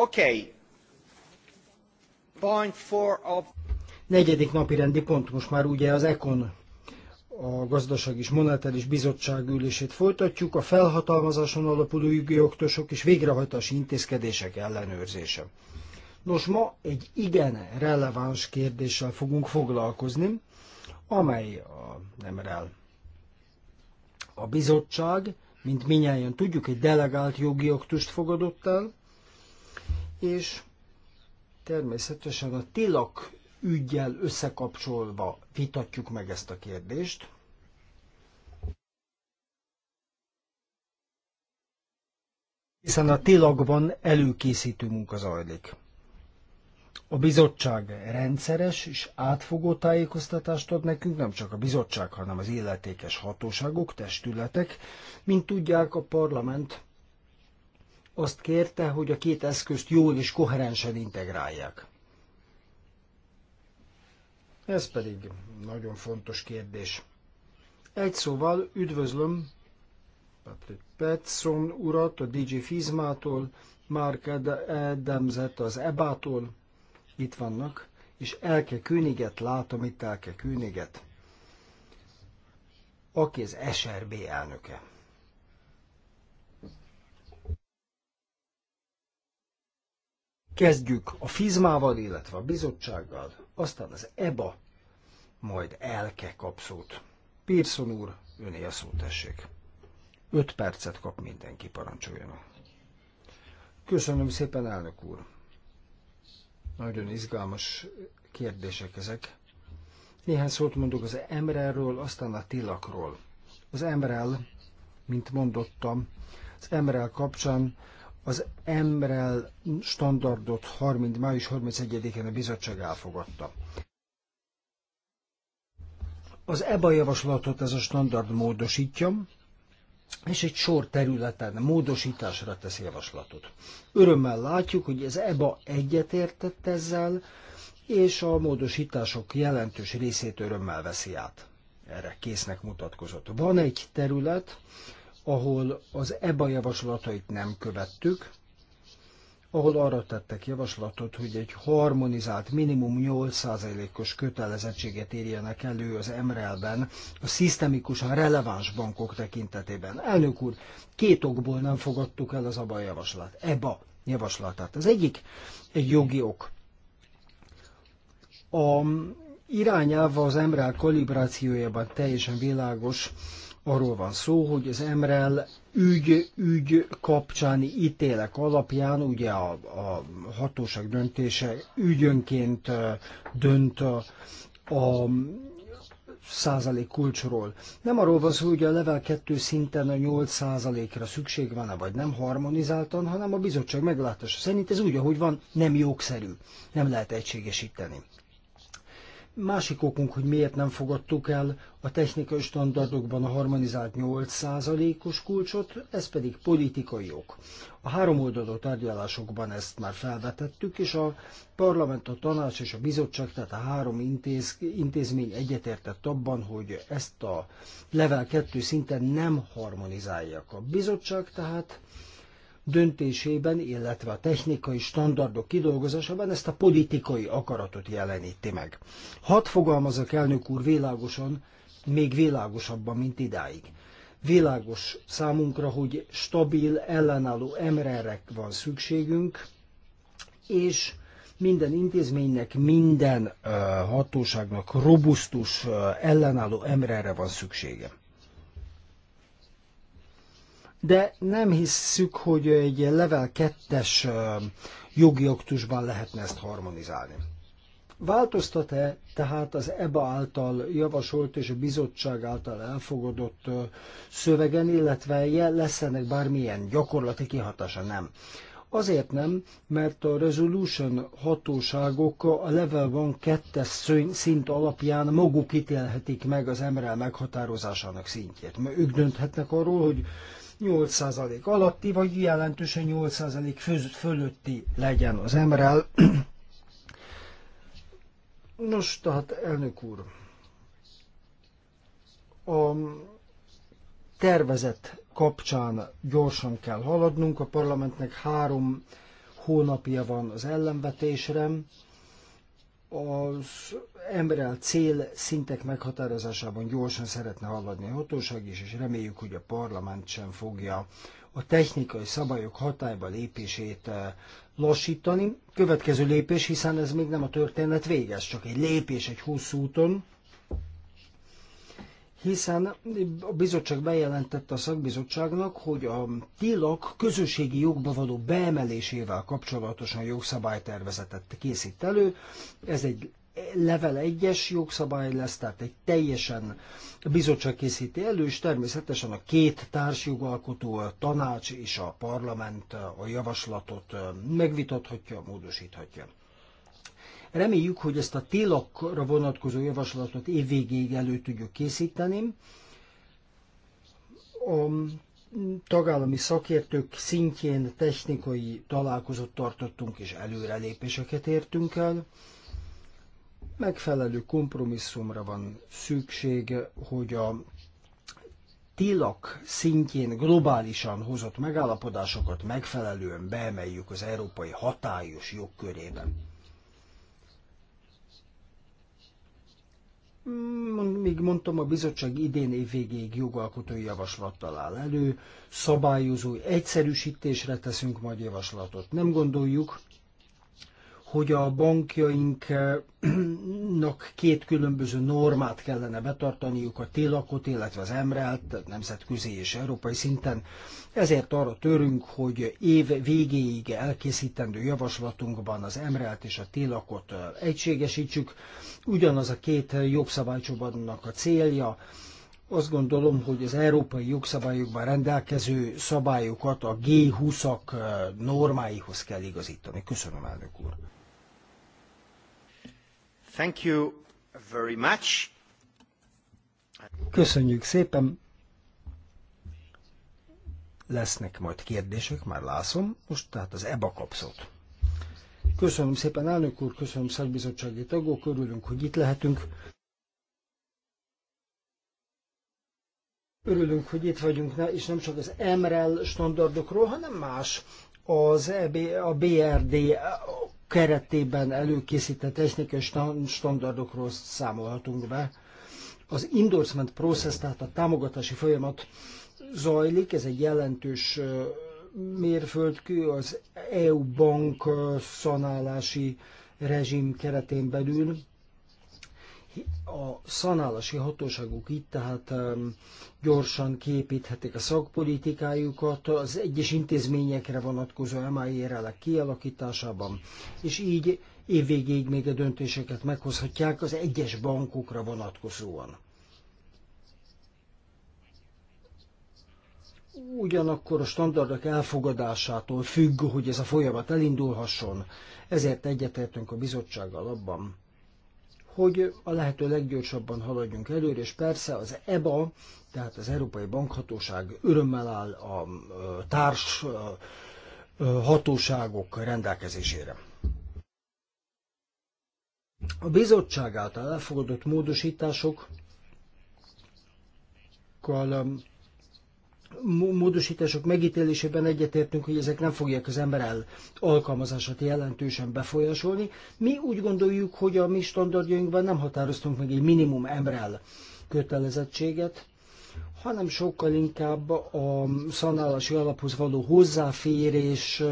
Okay. Point four of... Negyedik napi rendi pont most már ugye az ECON a Gazdaság és Monetáris Bizottság ülését folytatjuk, a felhatalmazáson alapuló jogtosok és végrehajtási intézkedések ellenőrzése. Nos, ma egy igen releváns kérdéssel fogunk foglalkozni, amely a rel. A bizottság, mint minnyáján tudjuk, egy delegált jogi aktust fogadott el, és természetesen a tilak ügyjel összekapcsolva vitatjuk meg ezt a kérdést. Hiszen a tilakban előkészítő munka zajlik. A bizottság rendszeres és átfogó tájékoztatást ad nekünk, nem csak a bizottság, hanem az illetékes hatóságok, testületek. Mint tudják, a parlament azt kérte, hogy a két eszközt jól és koherensen integrálják. Ez pedig nagyon fontos kérdés. Egy szóval üdvözlöm Patrick Petson urat a DJ Fizmától, Mark Edemzett az EBA-tól, itt vannak, és Elke Königet látom itt Elke Königet, aki az SRB elnöke. Kezdjük a fizmával, illetve a bizottsággal, aztán az EBA, majd Elke kap szót. Pearson úr, öné a szót tessék. Öt percet kap mindenki, parancsoljon. Köszönöm szépen, elnök úr. Nagyon izgalmas kérdések ezek. Néhány szót mondok az Emrelről, aztán a Tilakról. Az Emrel, mint mondottam, az Emrel kapcsán az Emrel standardot 30, május 31-én a bizottság elfogadta. Az EBA javaslatot ez a standard módosítja, és egy sor területen módosításra tesz javaslatot. Örömmel látjuk, hogy az EBA egyetértett ezzel, és a módosítások jelentős részét örömmel veszi át. Erre késznek mutatkozott. Van egy terület, ahol az EBA javaslatait nem követtük, ahol arra tettek javaslatot, hogy egy harmonizált minimum 8%-os kötelezettséget érjenek elő az MREL-ben, a szisztemikusan releváns bankok tekintetében. Elnök úr, két okból nem fogadtuk el az ABA e javaslat, EBA javaslatát. Az egyik egy jogi ok. A irányelve az MREL kalibrációjában teljesen világos, Arról van szó, hogy az Emrel ügy, ügy kapcsáni ítélek alapján, ugye a, a hatóság döntése ügyönként dönt a, a százalék kulcsról. Nem arról van szó, hogy a level 2 szinten a 8 százalékra szükség van-e, vagy nem harmonizáltan, hanem a bizottság meglátása szerint ez úgy, ahogy van, nem jogszerű. Nem lehet egységesíteni. Másik okunk, hogy miért nem fogadtuk el a technikai standardokban a harmonizált 8%-os kulcsot, ez pedig politikai ok. A háromoldalú tárgyalásokban ezt már felvetettük, és a parlament, a tanács és a bizottság, tehát a három intéz, intézmény egyetértett abban, hogy ezt a level 2 szinten nem harmonizálják. A bizottság tehát döntésében, illetve a technikai standardok kidolgozásában ezt a politikai akaratot jeleníti meg. Hat fogalmazok elnök úr világosan, még világosabban, mint idáig. Világos számunkra, hogy stabil, ellenálló emrerek van szükségünk, és minden intézménynek, minden hatóságnak robusztus, ellenálló emrerre van szüksége de nem hisszük, hogy egy level 2-es jogi aktusban lehetne ezt harmonizálni. Változtat-e tehát az EBA által javasolt és a bizottság által elfogadott szövegen, illetve lesz ennek bármilyen gyakorlati kihatása? Nem. Azért nem, mert a resolution hatóságok a level van 2 szint alapján maguk ítélhetik meg az MREL meghatározásának szintjét. Mert ők dönthetnek arról, hogy 8% alatti, vagy jelentősen 8% fölötti legyen az MREL. Nos, tehát elnök úr, a tervezet kapcsán gyorsan kell haladnunk, a parlamentnek három hónapja van az ellenvetésre, az a cél szintek meghatározásában gyorsan szeretne haladni a hatóság is, és reméljük, hogy a parlament sem fogja a technikai szabályok hatályba lépését eh, lassítani. Következő lépés, hiszen ez még nem a történet vége ez csak egy lépés egy hosszú úton, hiszen a bizottság bejelentette a szakbizottságnak, hogy a tilak közösségi jogba való beemelésével kapcsolatosan jogszabálytervezetet készít elő. Ez egy level 1-es jogszabály lesz, tehát egy teljesen bizottság készíti elő, és természetesen a két társjogalkotó, a tanács és a parlament a javaslatot megvitathatja, módosíthatja. Reméljük, hogy ezt a tilakra vonatkozó javaslatot évvégéig elő tudjuk készíteni. A tagállami szakértők szintjén technikai találkozót tartottunk, és előrelépéseket értünk el. Megfelelő kompromisszumra van szükség, hogy a tilak szintjén globálisan hozott megállapodásokat megfelelően beemeljük az európai hatályos jogkörébe. Még mondtam, a bizottság idén év végéig jogalkotói javaslattal áll elő, szabályozói egyszerűsítésre teszünk majd javaslatot. Nem gondoljuk, hogy a bankjainknak két különböző normát kellene betartaniuk, a tilakot, illetve az emrelt, tehát nemzetközi és európai szinten. Ezért arra törünk, hogy év végéig elkészítendő javaslatunkban az emrelt és a tilakot egységesítsük. Ugyanaz a két jogszabálycsobadnak a célja, azt gondolom, hogy az európai jogszabályokban rendelkező szabályokat a G20-ak normáihoz kell igazítani. Köszönöm, elnök úr. Thank you very much. Köszönjük szépen. Lesznek majd kérdések, már lászom. Most tehát az EBA kapszót. Köszönöm szépen, elnök úr, köszönöm szakbizottsági tagok, örülünk, hogy itt lehetünk. Örülünk, hogy itt vagyunk, és nem csak az MREL standardokról, hanem más az EB, a BRD keretében előkészített technikai standardokról számolhatunk be. Az endorsement process, tehát a támogatási folyamat zajlik, ez egy jelentős mérföldkő az EU bank szanálási rezsim keretén belül a szanálasi hatóságok itt tehát gyorsan képíthetik a szakpolitikájukat az egyes intézményekre vonatkozó MIR-elek kialakításában, és így évvégéig még a döntéseket meghozhatják az egyes bankokra vonatkozóan. ugyanakkor a standardok elfogadásától függ, hogy ez a folyamat elindulhasson, ezért egyetértünk a bizottsággal abban, hogy a lehető leggyorsabban haladjunk előre, és persze az EBA, tehát az Európai Bankhatóság örömmel áll a társ hatóságok rendelkezésére. A bizottság által elfogadott módosításokkal módosítások megítélésében egyetértünk, hogy ezek nem fogják az ember el alkalmazását jelentősen befolyásolni. Mi úgy gondoljuk, hogy a mi standardjainkban nem határoztunk meg egy minimum emrel kötelezettséget, hanem sokkal inkább a szanálási alaphoz való hozzáférés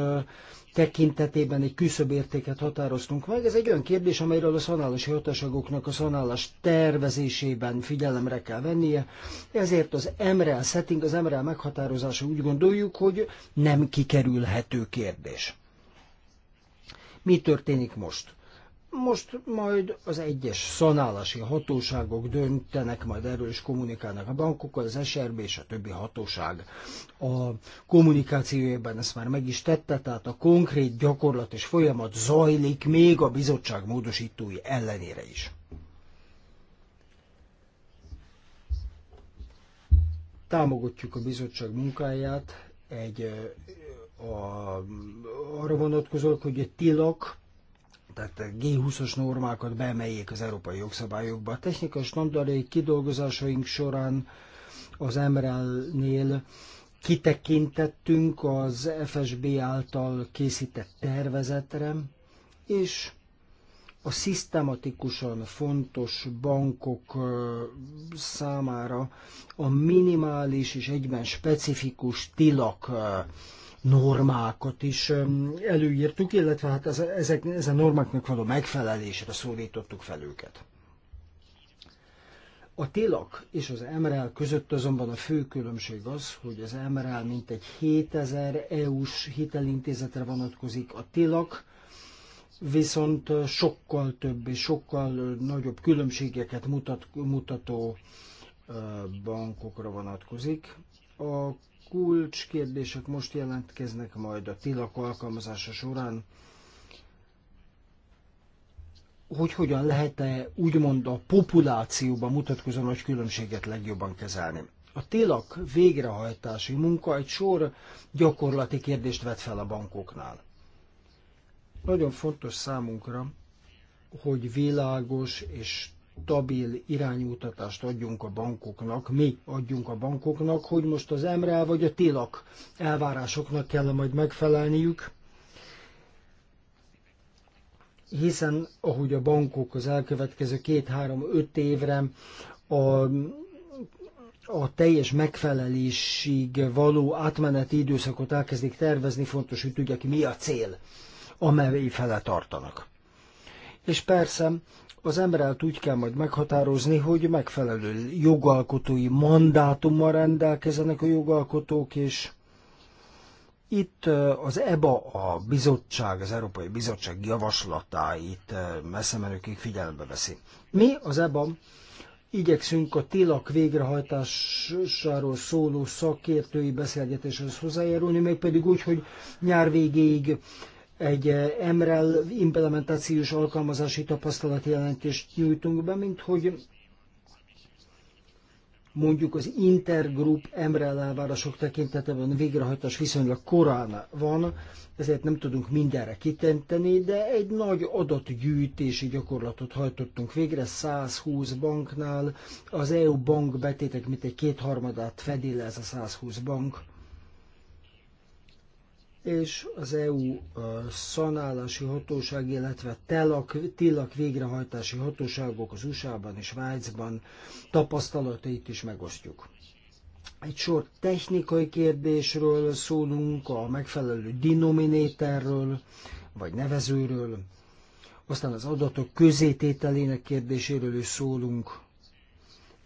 tekintetében egy küszöbértéket határoztunk meg. Ez egy olyan kérdés, amelyről a szanálási hatóságoknak a szanálás tervezésében figyelemre kell vennie. Ezért az MREL setting, az MREL meghatározása úgy gondoljuk, hogy nem kikerülhető kérdés. Mi történik most? Most majd az egyes szanálási hatóságok döntenek, majd erről is kommunikálnak a bankokkal, az SRB és a többi hatóság a kommunikációjában ezt már meg is tette, tehát a konkrét gyakorlat és folyamat zajlik még a bizottság módosítói ellenére is. Támogatjuk a bizottság munkáját egy a, arra vonatkozók, hogy a tilak tehát G20-as normákat beemeljék az európai jogszabályokba. A technikai standardai kidolgozásaink során az MRL-nél kitekintettünk az FSB által készített tervezetre, és a szisztematikusan fontos bankok számára a minimális és egyben specifikus tilak normákat is előírtuk, illetve hát ezek, ezen normáknak való megfelelésre szólítottuk fel őket. A tilak és az MRL között azonban a fő különbség az, hogy az MRL mintegy 7000 EU-s hitelintézetre vonatkozik, a tilak viszont sokkal több és sokkal nagyobb különbségeket mutat, mutató bankokra vonatkozik. A kulcskérdések most jelentkeznek majd a tilak alkalmazása során, hogy hogyan lehet-e úgymond a populációban mutatkozó nagy különbséget legjobban kezelni. A tilak végrehajtási munka egy sor gyakorlati kérdést vet fel a bankoknál. Nagyon fontos számunkra, hogy világos és stabil irányútatást adjunk a bankoknak, mi adjunk a bankoknak, hogy most az MREL vagy a TILAK elvárásoknak kell majd megfelelniük, hiszen ahogy a bankok az elkövetkező két-három-öt évre a a teljes megfelelésig való átmeneti időszakot elkezdik tervezni, fontos, hogy tudják, mi a cél, amely fele tartanak. És persze az emrelt úgy kell majd meghatározni, hogy megfelelő jogalkotói mandátummal rendelkezenek a jogalkotók, és itt az EBA, a bizottság, az Európai Bizottság javaslatáit messze menőkig figyelembe veszi. Mi az EBA igyekszünk a tilak végrehajtásáról szóló szakértői beszélgetéshez hozzájárulni, mégpedig úgy, hogy nyár végéig egy eh, MREL implementációs alkalmazási tapasztalati jelentést nyújtunk be, mint hogy mondjuk az intergroup MREL elvárások tekintetében a végrehajtás viszonylag korán van, ezért nem tudunk mindenre kitenteni, de egy nagy adatgyűjtési gyakorlatot hajtottunk végre 120 banknál, az EU bank betétek mint egy kétharmadát fedi le ez a 120 bank és az EU szanálási hatóság, illetve telak, tilak végrehajtási hatóságok az USA-ban és Svájcban tapasztalatait is megosztjuk. Egy sor technikai kérdésről szólunk, a megfelelő dinominéterről, vagy nevezőről, aztán az adatok közétételének kérdéséről is szólunk,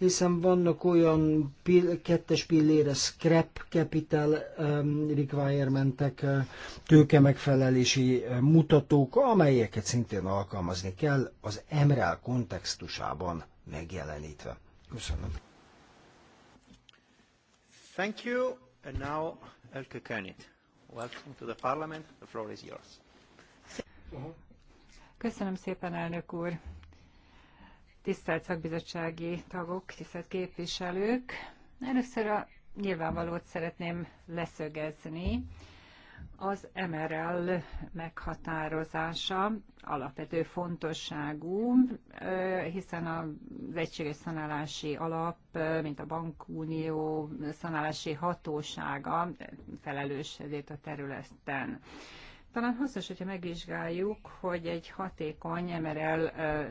hiszen vannak olyan pill, kettes pillére scrap capital um, requirementek, uh, tőke megfelelési uh, mutatók, amelyeket szintén alkalmazni kell az MREL kontextusában megjelenítve. Köszönöm. Thank you. And now Elke Könit. Welcome to the parliament. The floor is yours. Köszönöm szépen, elnök úr. Tisztelt szakbizottsági tagok, tisztelt képviselők! Először a nyilvánvalót szeretném leszögezni. Az MRL meghatározása alapvető fontosságú, hiszen az egységes szanálási alap, mint a bankunió szanálási hatósága felelős ezért a területen. Talán hasznos, hogyha megvizsgáljuk, hogy egy hatékony MRL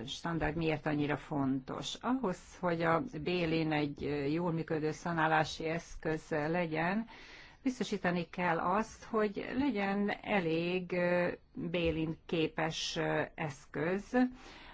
standard miért annyira fontos. Ahhoz, hogy a Bélin egy jól működő szanálási eszköz legyen, biztosítani kell azt, hogy legyen elég Bélin képes eszköz,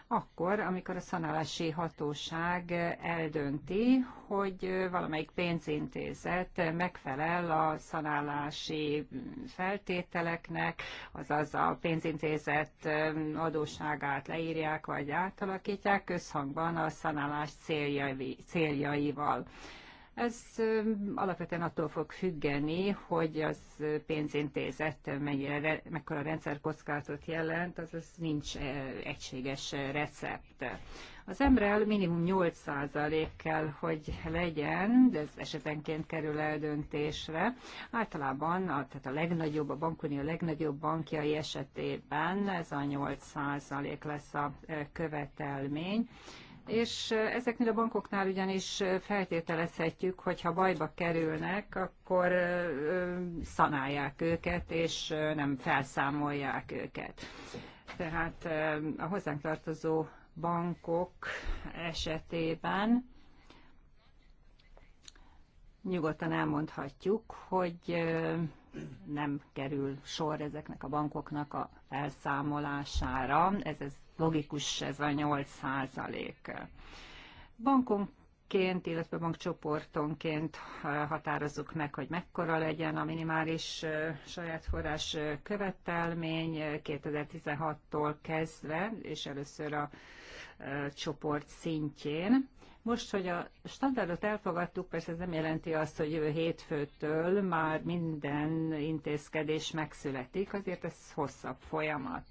akkor, amikor a szanálási hatóság eldönti, hogy valamelyik pénzintézet megfelel a szanálási feltételeknek, azaz a pénzintézet adósságát leírják vagy átalakítják közhangban a szanálás céljai, céljaival. Ez alapvetően attól fog függeni, hogy az pénzintézet mennyire, mekkora kockázatot jelent, azaz nincs egységes recept. Az emrel minimum 8% kell, hogy legyen, de ez esetenként kerül eldöntésre. Általában a, tehát a legnagyobb, a bankunió legnagyobb bankjai esetében ez a 8% lesz a követelmény és ezeknél a bankoknál ugyanis feltételezhetjük, hogy ha bajba kerülnek, akkor szanálják őket, és nem felszámolják őket. Tehát a hozzánk tartozó bankok esetében nyugodtan elmondhatjuk, hogy nem kerül sor ezeknek a bankoknak a felszámolására. Ez, ez logikus ez a 8 százalék. Bankonként, ként, illetve bankcsoportonként határozzuk meg, hogy mekkora legyen a minimális saját forrás követelmény 2016-tól kezdve, és először a csoport szintjén. Most, hogy a standardot elfogadtuk, persze ez nem jelenti azt, hogy jövő hétfőtől már minden intézkedés megszületik, azért ez hosszabb folyamat.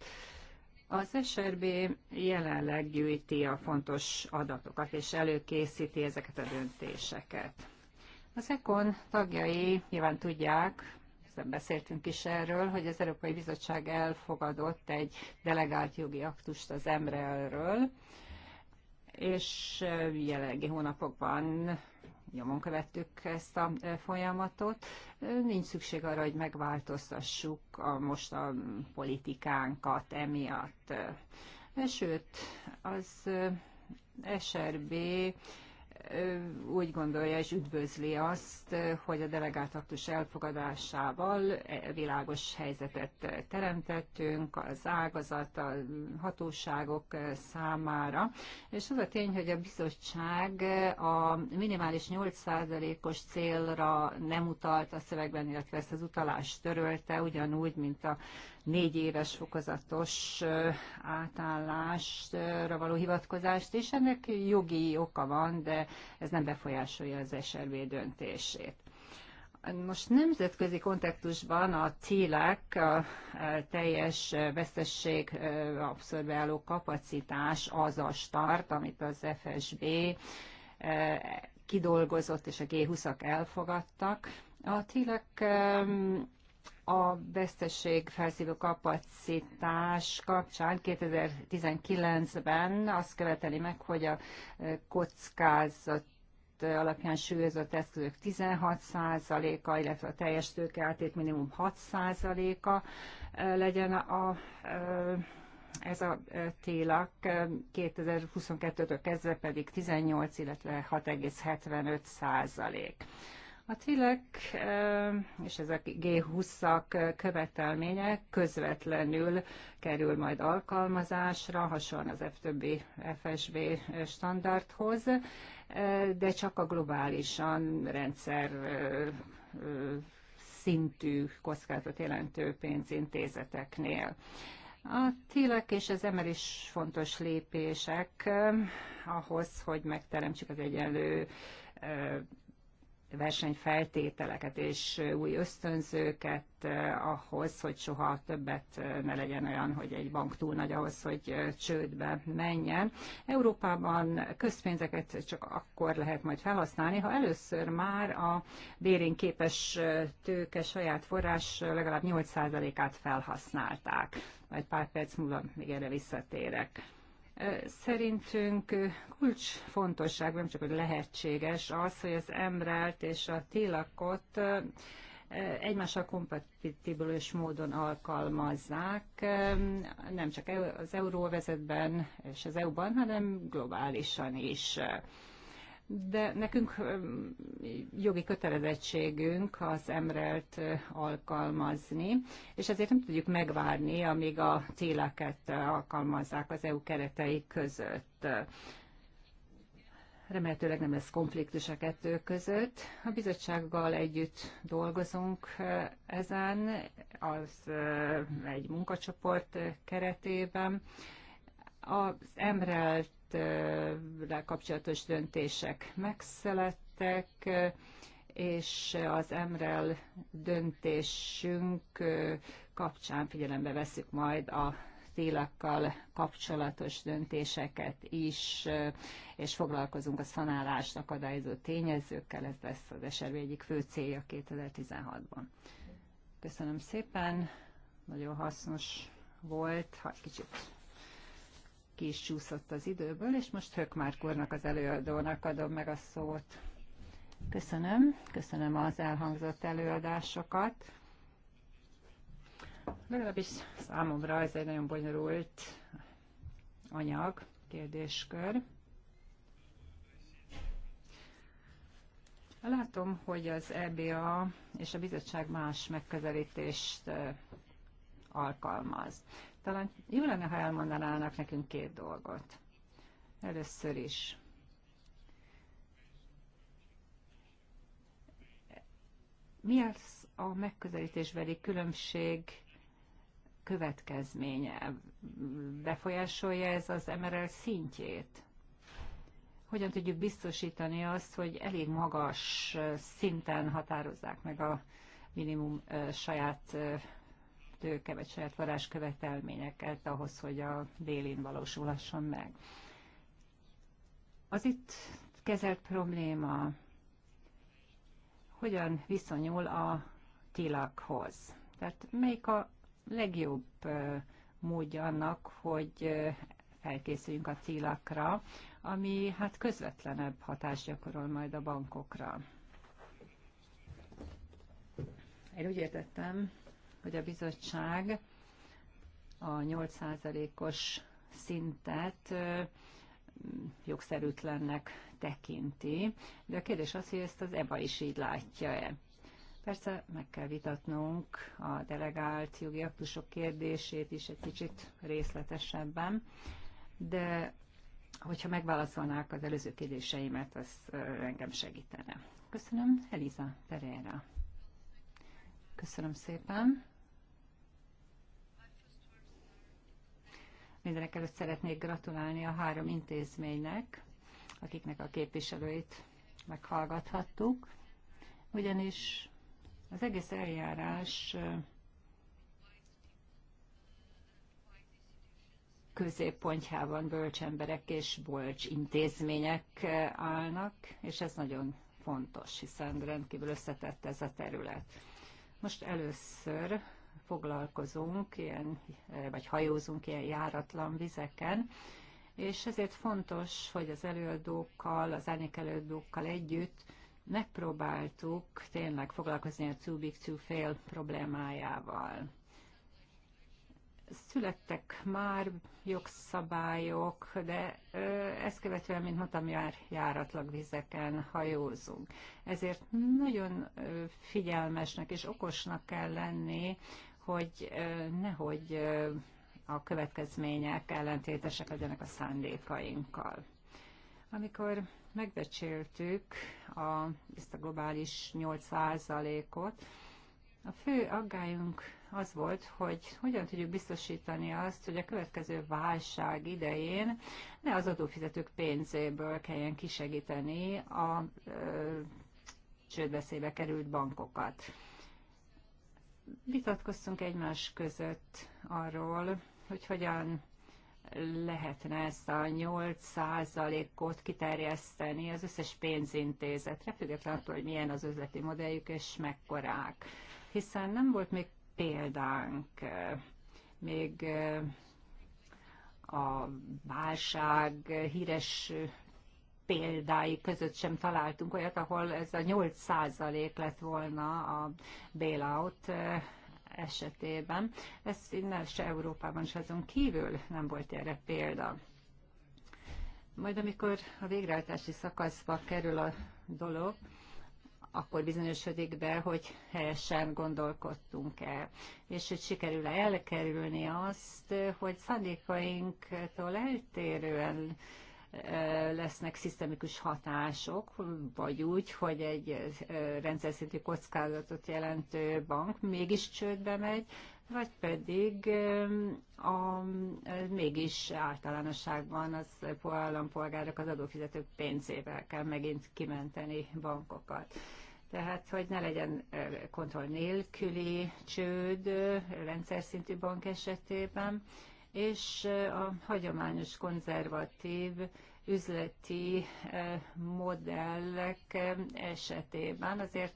Az SRB jelenleg gyűjti a fontos adatokat, és előkészíti ezeket a döntéseket. Az ECON tagjai nyilván tudják, beszéltünk is erről, hogy az Európai Bizottság elfogadott egy delegált jogi aktust az emre és jelenlegi hónapokban nyomon követtük ezt a e, folyamatot. E, nincs szükség arra, hogy megváltoztassuk a most a politikánkat emiatt. E, sőt, az SRB úgy gondolja és üdvözli azt, hogy a delegált elfogadásával e, világos helyzetet teremtettünk az ágazat, a hatóságok számára. És az a tény, hogy a bizottság a minimális 8%-os célra nem utalt a szövegben, illetve ezt az utalást törölte, ugyanúgy, mint a négy éves fokozatos átállásra való hivatkozást, és ennek jogi oka van, de ez nem befolyásolja az SRB döntését. Most nemzetközi kontextusban a célek, a teljes vesztesség abszorbáló kapacitás az a start, amit az FSB kidolgozott és a G20-ak elfogadtak. A célek a veszteség felszívó kapacitás kapcsán 2019-ben azt követeli meg, hogy a kockázat alapján súlyozott eszközök 16%-a, illetve a teljes tőke átét minimum 6%-a legyen a, a ez a télak 2022-től kezdve pedig 18, illetve 6,75 százalék. A TILEK és ezek G20-ak követelménye közvetlenül kerül majd alkalmazásra, hasonlóan az F többi FSB standardhoz, de csak a globálisan rendszer szintű kockázatot jelentő pénzintézeteknél. A TILEK és az emel is fontos lépések ahhoz, hogy megteremtsük az egyenlő versenyfeltételeket és új ösztönzőket eh, ahhoz, hogy soha többet eh, ne legyen olyan, hogy egy bank túl nagy ahhoz, hogy eh, csődbe menjen. Európában közpénzeket csak akkor lehet majd felhasználni, ha először már a bérén képes tőke saját forrás legalább 8%-át felhasználták. Majd pár perc múlva még erre visszatérek. Szerintünk kulcs fontosság, nem csak, hogy lehetséges az, hogy az emrelt és a tilakot egymással kompatibilis módon alkalmazzák, nem csak az euróvezetben és az EU-ban, hanem globálisan is de nekünk jogi kötelezettségünk az emrelt alkalmazni, és ezért nem tudjuk megvárni, amíg a céleket alkalmazzák az EU keretei között. Remélhetőleg nem lesz konfliktus a kettő között. A bizottsággal együtt dolgozunk ezen, az egy munkacsoport keretében. Az emrelt kapcsolatos döntések megszülettek, és az MREL döntésünk kapcsán figyelembe veszük majd a télakkal kapcsolatos döntéseket is, és foglalkozunk a szanálást akadályozó tényezőkkel, ez lesz az SRB egyik fő célja 2016-ban. Köszönöm szépen, nagyon hasznos volt, ha kicsit ki is csúszott az időből, és most Hökmárk úrnak, az előadónak adom meg a szót. Köszönöm, köszönöm az elhangzott előadásokat. Legalábbis számomra ez egy nagyon bonyolult anyag, kérdéskör. Látom, hogy az EBA és a bizottság más megközelítést alkalmaz. Talán jó lenne, ha elmondanának nekünk két dolgot. Először is. Mi az a megközelítésbeli különbség következménye? Befolyásolja ez az MRL szintjét? Hogyan tudjuk biztosítani azt, hogy elég magas szinten határozzák meg a minimum saját tőke vagy saját varázs követelményeket ahhoz, hogy a bélin valósulhasson meg. Az itt kezelt probléma hogyan viszonyul a tilakhoz. Tehát melyik a legjobb módja annak, hogy felkészüljünk a tilakra, ami hát közvetlenebb hatást gyakorol majd a bankokra. Én úgy értettem, hogy a bizottság a 8%-os szintet jogszerűtlennek tekinti, de a kérdés az, hogy ezt az EBA is így látja-e. Persze meg kell vitatnunk a delegált jogi aktusok kérdését is egy kicsit részletesebben, de hogyha megválaszolnák az előző kérdéseimet, az engem segítene. Köszönöm, Eliza Pereira. Köszönöm szépen. Mindenek előtt szeretnék gratulálni a három intézménynek, akiknek a képviselőit meghallgathattuk, ugyanis az egész eljárás középpontjában bölcsemberek és bölcs intézmények állnak, és ez nagyon fontos, hiszen rendkívül összetett ez a terület. Most először foglalkozunk, ilyen, vagy hajózunk ilyen járatlan vizeken, és ezért fontos, hogy az előadókkal, az árnyék előadókkal együtt megpróbáltuk tényleg foglalkozni a too big to fail problémájával. Születtek már jogszabályok, de ezt követően, mint mondtam, jár, járatlag vizeken hajózunk. Ezért nagyon figyelmesnek és okosnak kell lenni hogy nehogy a következmények ellentétesek legyenek a szándékainkkal. Amikor megbecsültük a, ezt a globális 8%-ot, a fő aggályunk az volt, hogy hogyan tudjuk biztosítani azt, hogy a következő válság idején ne az adófizetők pénzéből kelljen kisegíteni a ö, csődbeszébe került bankokat vitatkoztunk egymás között arról, hogy hogyan lehetne ezt a 8%-ot kiterjeszteni az összes pénzintézetre, függetlenül attól, hogy milyen az üzleti modelljük és mekkorák. Hiszen nem volt még példánk, még a válság híres példái között sem találtunk olyat, ahol ez a 8% lett volna a bailout eh, esetében. Ez innen se Európában, se azon kívül nem volt erre példa. Majd amikor a végrehajtási szakaszba kerül a dolog, akkor bizonyosodik be, hogy helyesen gondolkodtunk el, és hogy sikerül elkerülni azt, hogy szándékainktól eltérően lesznek szisztemikus hatások, vagy úgy, hogy egy rendszer szintű kockázatot jelentő bank mégis csődbe megy, vagy pedig a, mégis általánosságban az állampolgárok az adófizetők pénzével kell megint kimenteni bankokat. Tehát, hogy ne legyen kontroll nélküli csőd rendszer szintű bank esetében, és eh, a hagyományos konzervatív üzleti eh, modellek eh, esetében azért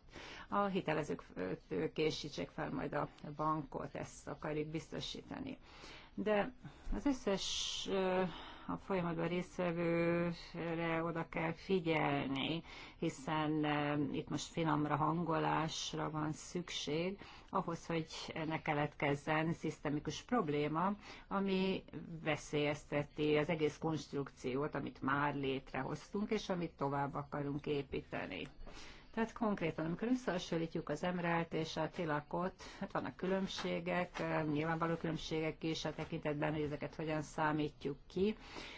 a hitelezők késítsék fel majd a bankot, ezt akarjuk biztosítani. De az összes a folyamatban résztvevőre oda kell figyelni, hiszen eh, itt most finomra hangolásra van szükség, ahhoz, hogy ne keletkezzen szisztemikus probléma, ami veszélyezteti az egész konstrukciót, amit már létrehoztunk, és amit tovább akarunk építeni. Tehát konkrétan, amikor összehasonlítjuk az emrelt és a tilakot, hát vannak különbségek, nyilvánvaló különbségek is a tekintetben, hogy ezeket hogyan számítjuk ki,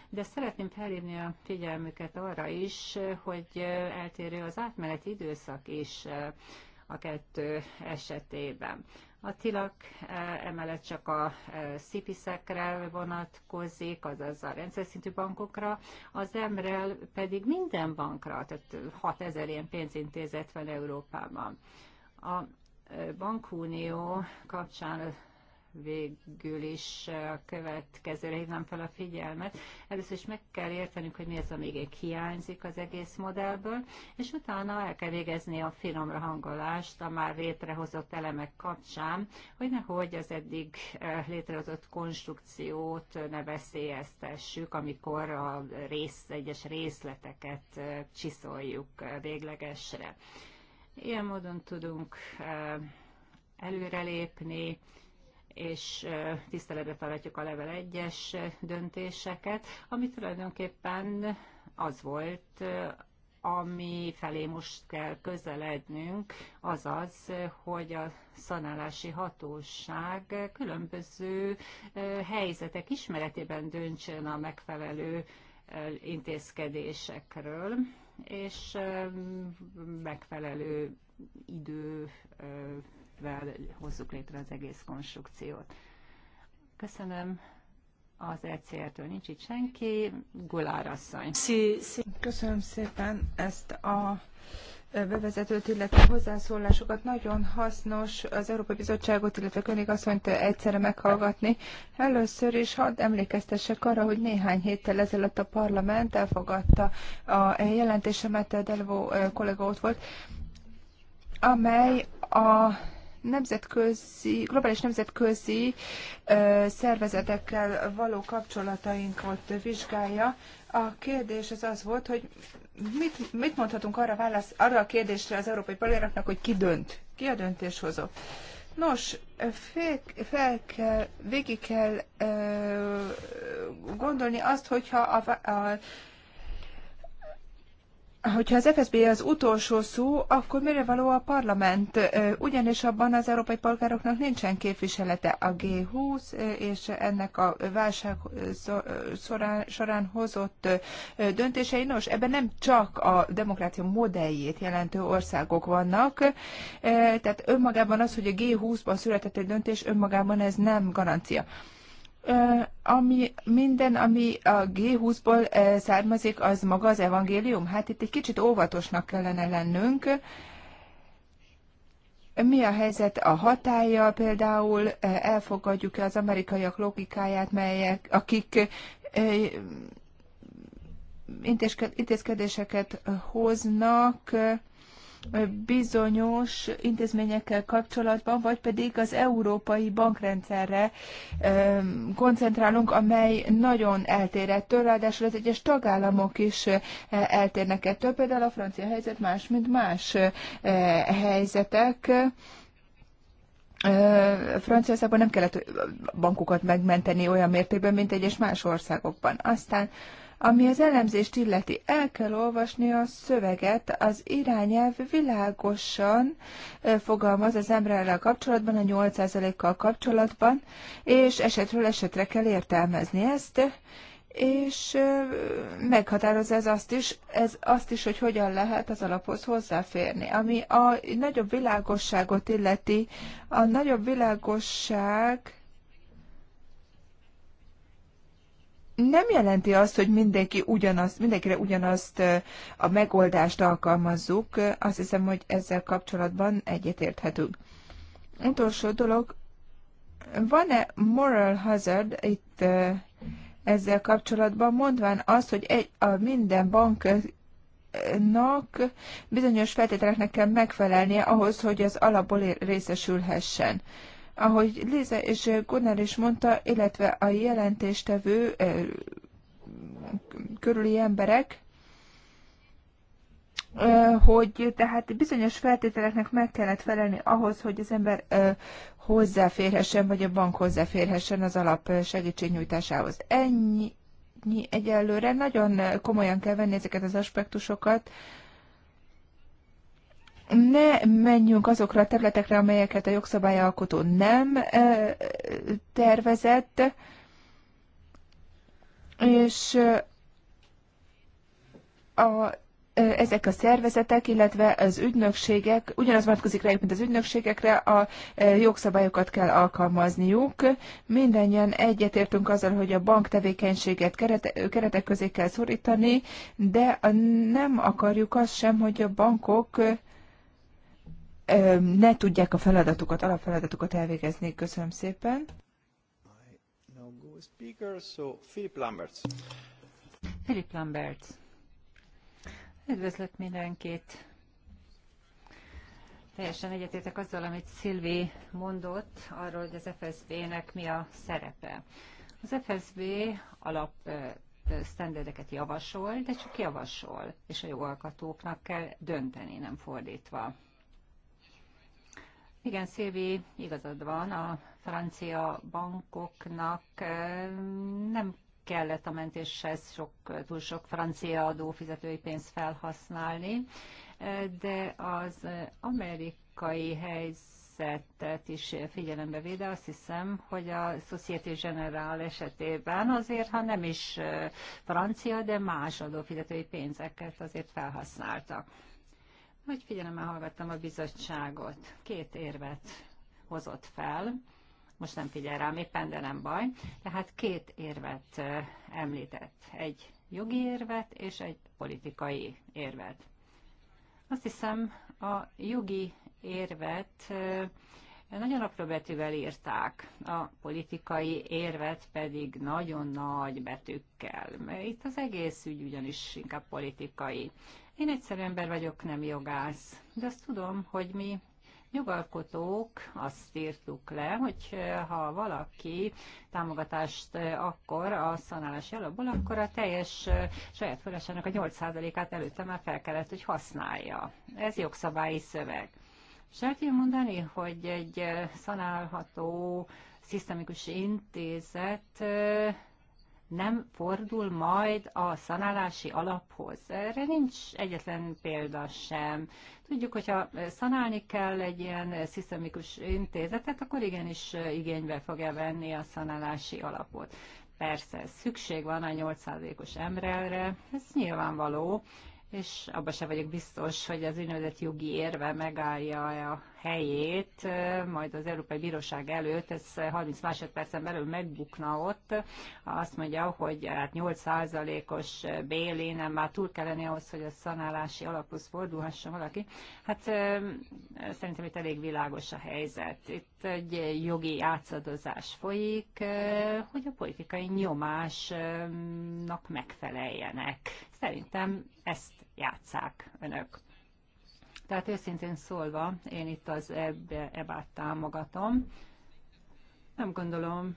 de szeretném felhívni a figyelmüket arra is, hogy eltérő az átmeneti időszak is a kettő esetében. A tilak e, emellett csak a e, szipiszekre vonatkozik, azaz a rendszer szintű bankokra, az emrel pedig minden bankra, tehát 6000 ilyen pénzintézet van Európában. A e, bankunió kapcsán végül is a következőre hívnám fel a figyelmet. Először is meg kell értenünk, hogy mi ez, még hiányzik az egész modellből, és utána el kell végezni a finomra hangolást a már létrehozott elemek kapcsán, hogy nehogy az eddig eh, létrehozott konstrukciót eh, ne veszélyeztessük, amikor a rész, egyes részleteket eh, csiszoljuk véglegesre. Ilyen módon tudunk előrelépni, és tiszteletbe tartjuk a level 1-es döntéseket, ami tulajdonképpen az volt, ami felé most kell közelednünk, az az, hogy a szanálási hatóság különböző helyzetek ismeretében döntsön a megfelelő intézkedésekről, és megfelelő idő részletvel hozzuk létre az egész konstrukciót. Köszönöm az ECR-től nincs itt senki. Gulár asszony. Köszönöm szépen ezt a bevezetőt, illetve hozzászólásokat. Nagyon hasznos az Európai Bizottságot, illetve asszonyt egyszerre meghallgatni. Először is hadd emlékeztessek arra, hogy néhány héttel ezelőtt a parlament elfogadta a jelentésemet, Delvo kollega ott volt, amely a nemzetközi, globális nemzetközi szervezetekkel való kapcsolatainkat vizsgálja. A kérdés az az volt, hogy mit, mit mondhatunk arra, válasz, arra a kérdésre az európai polgároknak, hogy ki dönt, ki a döntéshozó. Nos, fél, fel kell, végig kell ö, gondolni azt, hogyha a, a hogyha az FSB az utolsó szó, akkor mire való a parlament? Ugyanis abban az európai polgároknak nincsen képviselete a G20 és ennek a válság során hozott döntései. Nos, ebben nem csak a demokrácia modelljét jelentő országok vannak, tehát önmagában az, hogy a G20-ban született egy döntés, önmagában ez nem garancia ami minden, ami a G20-ból származik, az maga az evangélium? Hát itt egy kicsit óvatosnak kellene lennünk. Mi a helyzet a hatája például? Elfogadjuk-e az amerikaiak logikáját, melyek, akik intézkedéseket hoznak, bizonyos intézményekkel kapcsolatban, vagy pedig az európai bankrendszerre koncentrálunk, amely nagyon eltér ettől, ráadásul az egyes tagállamok is eltérnek ettől. Például a francia helyzet más, mint más helyzetek. Franciaországban nem kellett bankokat megmenteni olyan mértékben, mint egyes más országokban. Aztán ami az elemzést illeti, el kell olvasni a szöveget, az irányelv világosan fogalmaz az emberrel kapcsolatban, a 8%-kal kapcsolatban, és esetről esetre kell értelmezni ezt, és meghatározza ez azt is, ez azt is, hogy hogyan lehet az alaphoz hozzáférni. Ami a nagyobb világosságot illeti, a nagyobb világosság nem jelenti azt, hogy mindenki ugyanazt, mindenkire ugyanazt a megoldást alkalmazzuk. Azt hiszem, hogy ezzel kapcsolatban egyetérthetünk. Utolsó dolog, van-e moral hazard itt ezzel kapcsolatban, mondván azt, hogy egy, a minden bank nak bizonyos feltételeknek kell megfelelnie ahhoz, hogy az alapból részesülhessen. Ahogy Liza és Gunnar is mondta, illetve a jelentéstevő eh, körüli emberek, eh, hogy tehát bizonyos feltételeknek meg kellett felelni ahhoz, hogy az ember eh, hozzáférhessen, vagy a bank hozzáférhessen az alap segítségnyújtásához. Ennyi egyelőre. Nagyon komolyan kell venni ezeket az aspektusokat, ne menjünk azokra a területekre, amelyeket a jogszabályalkotó nem tervezett, és a, ezek a szervezetek, illetve az ügynökségek, ugyanaz vonatkozik rájuk, mint az ügynökségekre, a jogszabályokat kell alkalmazniuk. Mindennyian egyetértünk azzal, hogy a bank tevékenységet kerete, keretek közé kell szorítani, de nem akarjuk azt sem, hogy a bankok ne tudják a feladatukat, alapfeladatukat elvégezni. Köszönöm szépen. Speaker, so Philip Lamberts. Philip Lamberts. Üdvözlet mindenkit! Teljesen egyetértek azzal, amit Szilvi mondott, arról, hogy az FSB-nek mi a szerepe. Az FSB alap sztenderdeket javasol, de csak javasol, és a jogalkatóknak kell dönteni, nem fordítva. Igen, Szilvi, igazad van, a francia bankoknak nem kellett a mentéshez sok, túl sok francia adófizetői pénzt felhasználni, de az amerikai helyzetet is figyelembe véve azt hiszem, hogy a Société Générale esetében azért, ha nem is francia, de más adófizetői pénzeket azért felhasználtak. Nagy figyelemmel hallgattam a bizottságot. Két érvet hozott fel. Most nem figyel rám éppen, de nem baj. Tehát két érvet említett. Egy jogi érvet és egy politikai érvet. Azt hiszem, a jogi érvet nagyon apró betűvel írták, a politikai érvet pedig nagyon nagy betűkkel. Itt az egész ügy ugyanis inkább politikai. Én egyszerű ember vagyok, nem jogász, de azt tudom, hogy mi jogalkotók azt írtuk le, hogy eh, ha valaki támogatást eh, akkor a szanálás alapból, akkor a teljes eh, saját forrásának a 8%-át előtte már fel kellett, hogy használja. Ez jogszabályi szöveg. És el tudja mondani, hogy egy szanálható szisztemikus intézet nem fordul majd a szanálási alaphoz. Erre nincs egyetlen példa sem. Tudjuk, hogyha szanálni kell egy ilyen szisztemikus intézetet, akkor igenis igénybe fogja venni a szanálási alapot. Persze, szükség van a 8%-os emrelre, ez nyilvánvaló, és abban se vagyok biztos, hogy az ügynevezett jogi érve megállja a helyét, majd az Európai Bíróság előtt, ez 30 másodpercen belül megbukna ott, azt mondja, hogy hát 8%-os béli, nem már túl kell lenni ahhoz, hogy a szanálási alaphoz fordulhasson valaki. Hát szerintem itt elég világos a helyzet. Itt egy jogi átszadozás folyik, hogy a politikai nyomásnak megfeleljenek. Szerintem ezt játszák önök. Tehát őszintén szólva, én itt az EBÁT e támogatom. Nem gondolom,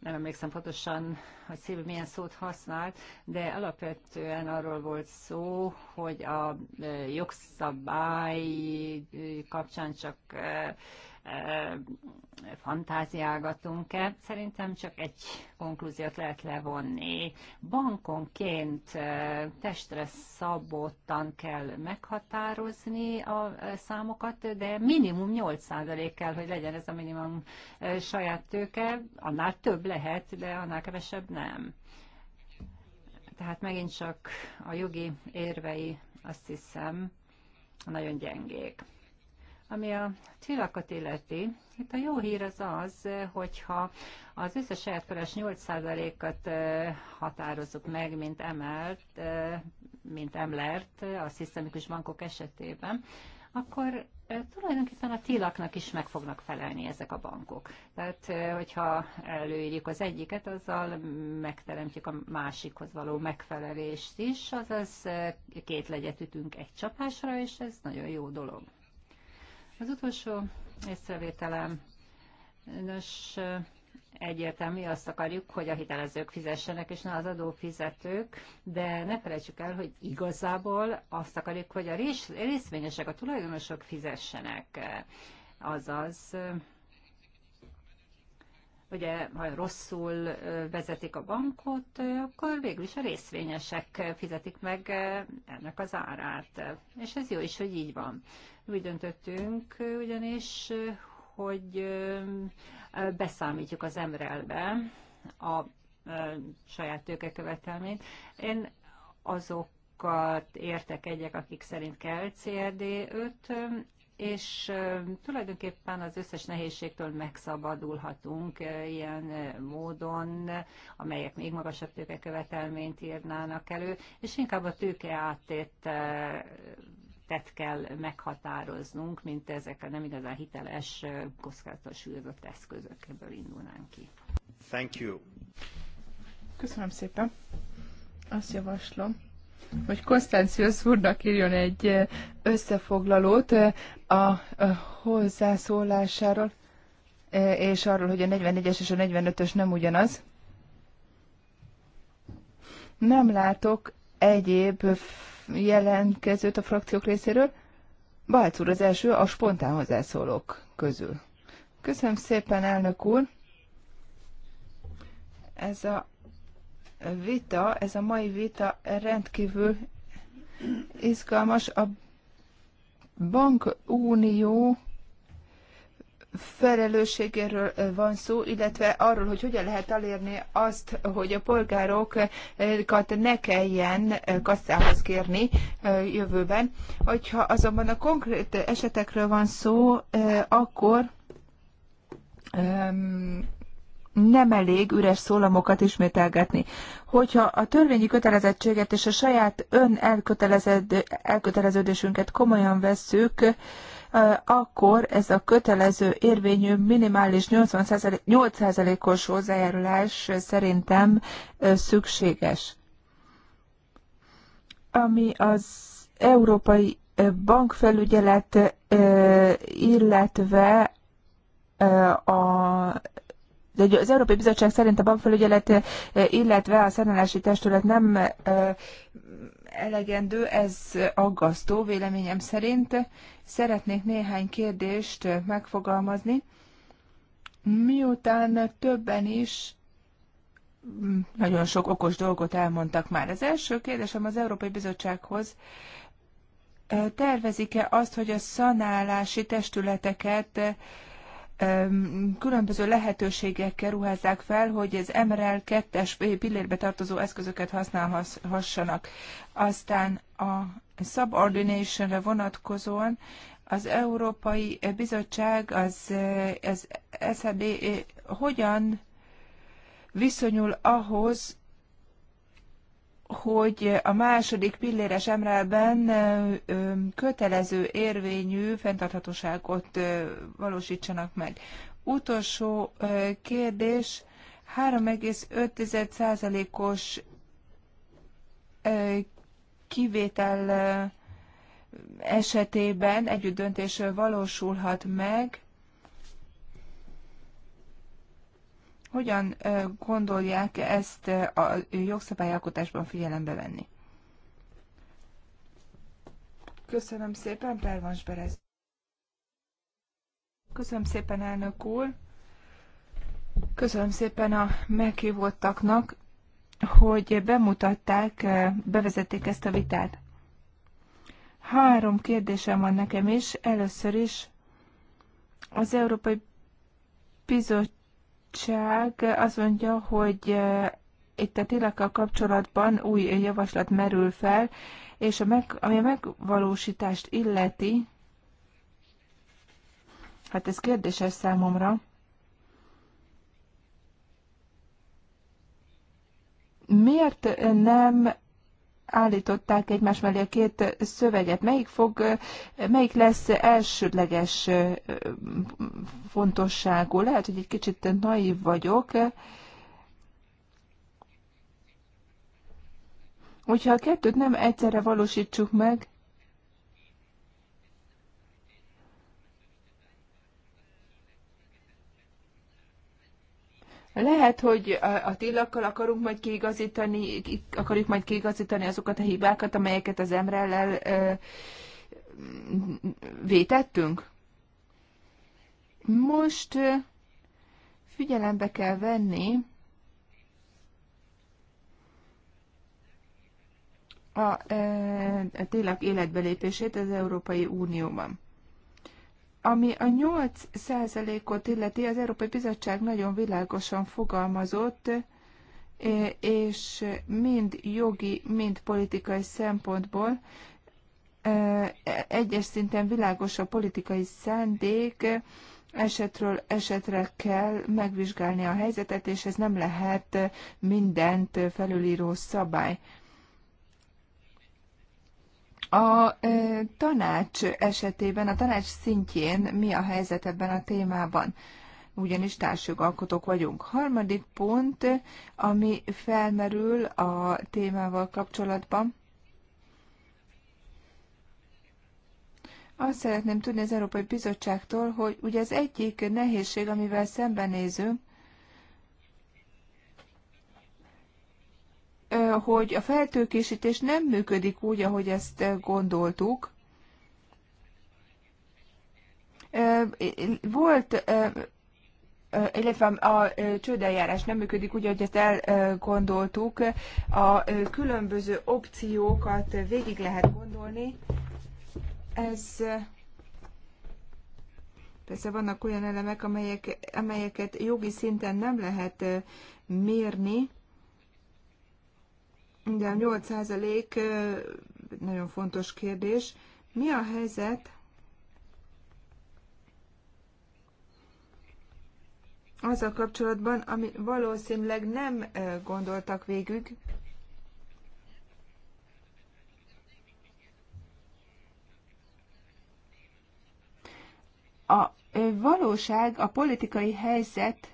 nem emlékszem pontosan, hogy Szilvi milyen szót használt, de alapvetően arról volt szó, hogy a e, jogszabály e, kapcsán csak fantáziálgatunk-e. Szerintem csak egy konklúziót lehet levonni. Bankonként testre szabottan kell meghatározni a számokat, de minimum 8% kell, hogy legyen ez a minimum saját tőke. Annál több lehet, de annál kevesebb nem. Tehát megint csak a jogi érvei azt hiszem nagyon gyengék. Ami a csillagot illeti, itt a jó hír az az, hogyha az összes eltköres 8%-at határozzuk meg, mint emelt, mint emlert a szisztemikus bankok esetében, akkor tulajdonképpen a tilaknak is meg fognak felelni ezek a bankok. Tehát, hogyha előírjuk az egyiket, azzal megteremtjük a másikhoz való megfelelést is, azaz két legyet ütünk egy csapásra, és ez nagyon jó dolog. Az utolsó észrevételem, nos, egyértelmű, azt akarjuk, hogy a hitelezők fizessenek, és ne az adófizetők, de ne felejtsük el, hogy igazából azt akarjuk, hogy a részvényesek, a tulajdonosok fizessenek. Azaz, ugye, ha rosszul vezetik a bankot, akkor végül is a részvényesek fizetik meg ennek az árát. És ez jó is, hogy így van. Úgy döntöttünk ugyanis, hogy beszámítjuk az emrelbe a saját tőkekövetelményt. Én azok értek egyek, akik szerint kell CRD er 5, és tulajdonképpen az összes nehézségtől megszabadulhatunk ilyen módon, amelyek még magasabb követelményt írnának elő, és inkább a tőke áttét tett kell meghatároznunk, mint ezek a nem igazán hiteles, kockázattal súlyozott eszközökből indulnánk ki. Thank you. Köszönöm szépen. Azt javaslom, hogy Konstanciusz úrnak írjon egy összefoglalót a hozzászólásáról, és arról, hogy a 44-es és a 45-ös nem ugyanaz. Nem látok egyéb jelentkezőt a frakciók részéről. Balc úr az első a spontán hozzászólók közül. Köszönöm szépen, elnök úr! Ez a vita, ez a mai vita rendkívül izgalmas. A bankunió felelősségéről van szó, illetve arról, hogy hogyan lehet elérni azt, hogy a polgárokat ne kelljen kasszához kérni jövőben. Hogyha azonban a konkrét esetekről van szó, akkor nem elég üres szólamokat ismételgetni. Hogyha a törvényi kötelezettséget és a saját ön elköteleződésünket komolyan vesszük, akkor ez a kötelező érvényű minimális 8%-os hozzájárulás szerintem szükséges. Ami az európai bankfelügyelet, illetve a hogy az Európai Bizottság szerint a bankfelügyelet, eh, illetve a szerelési testület nem eh, elegendő, ez aggasztó véleményem szerint. Szeretnék néhány kérdést eh, megfogalmazni. Miután többen is mm, nagyon sok okos dolgot elmondtak már. Az első kérdésem az Európai Bizottsághoz. Tervezik-e azt, hogy a szanálási testületeket különböző lehetőségekkel ruházzák fel, hogy az MRL 2-es pillérbe tartozó eszközöket használhassanak. Aztán a subordination-re vonatkozóan az Európai Bizottság, az, az SZD eh, hogyan viszonyul ahhoz, hogy a második pilléres emrelben kötelező érvényű fenntarthatóságot valósítsanak meg. Utolsó kérdés, 3,5%-os kivétel esetében döntés valósulhat meg, Hogyan gondolják ezt a jogszabályalkotásban figyelembe venni? Köszönöm szépen, Pervans Berez. Köszönöm szépen, elnök úr. Köszönöm szépen a meghívottaknak, hogy bemutatták, bevezették ezt a vitát. Három kérdésem van nekem is. Először is az Európai Bizottság bizottság azt mondja, hogy itt a tilakkal kapcsolatban új javaslat merül fel, és a meg, ami a megvalósítást illeti, hát ez kérdéses számomra, miért nem állították egymás mellé a két szöveget. Melyik, fog, melyik lesz elsődleges fontosságú? Lehet, hogy egy kicsit naív vagyok. Hogyha a kettőt nem egyszerre valósítsuk meg, Lehet, hogy a tillakkal akarunk majd kiigazítani, akarjuk majd kiigazítani azokat a hibákat, amelyeket az emrellel vétettünk? Most figyelembe kell venni a, a tillak életbelépését az Európai Unióban. Ami a 8%-ot illeti, az Európai Bizottság nagyon világosan fogalmazott, és mind jogi, mind politikai szempontból egyes szinten világos a politikai szándék, esetről esetre kell megvizsgálni a helyzetet, és ez nem lehet mindent felülíró szabály. A ö, tanács esetében, a tanács szintjén mi a helyzet ebben a témában? ugyanis társjogalkotók vagyunk. Harmadik pont, ami felmerül a témával kapcsolatban. Azt szeretném tudni az Európai Bizottságtól, hogy ugye az egyik nehézség, amivel szembenézünk, hogy a feltőkésítés nem működik úgy, ahogy ezt gondoltuk. Volt, illetve a csődeljárás nem működik úgy, ahogy ezt elgondoltuk. A különböző opciókat végig lehet gondolni. Ez Persze vannak olyan elemek, amelyek, amelyeket jogi szinten nem lehet mérni, de a 8% nagyon fontos kérdés. Mi a helyzet azzal kapcsolatban, ami valószínűleg nem gondoltak végük, a valóság, a politikai helyzet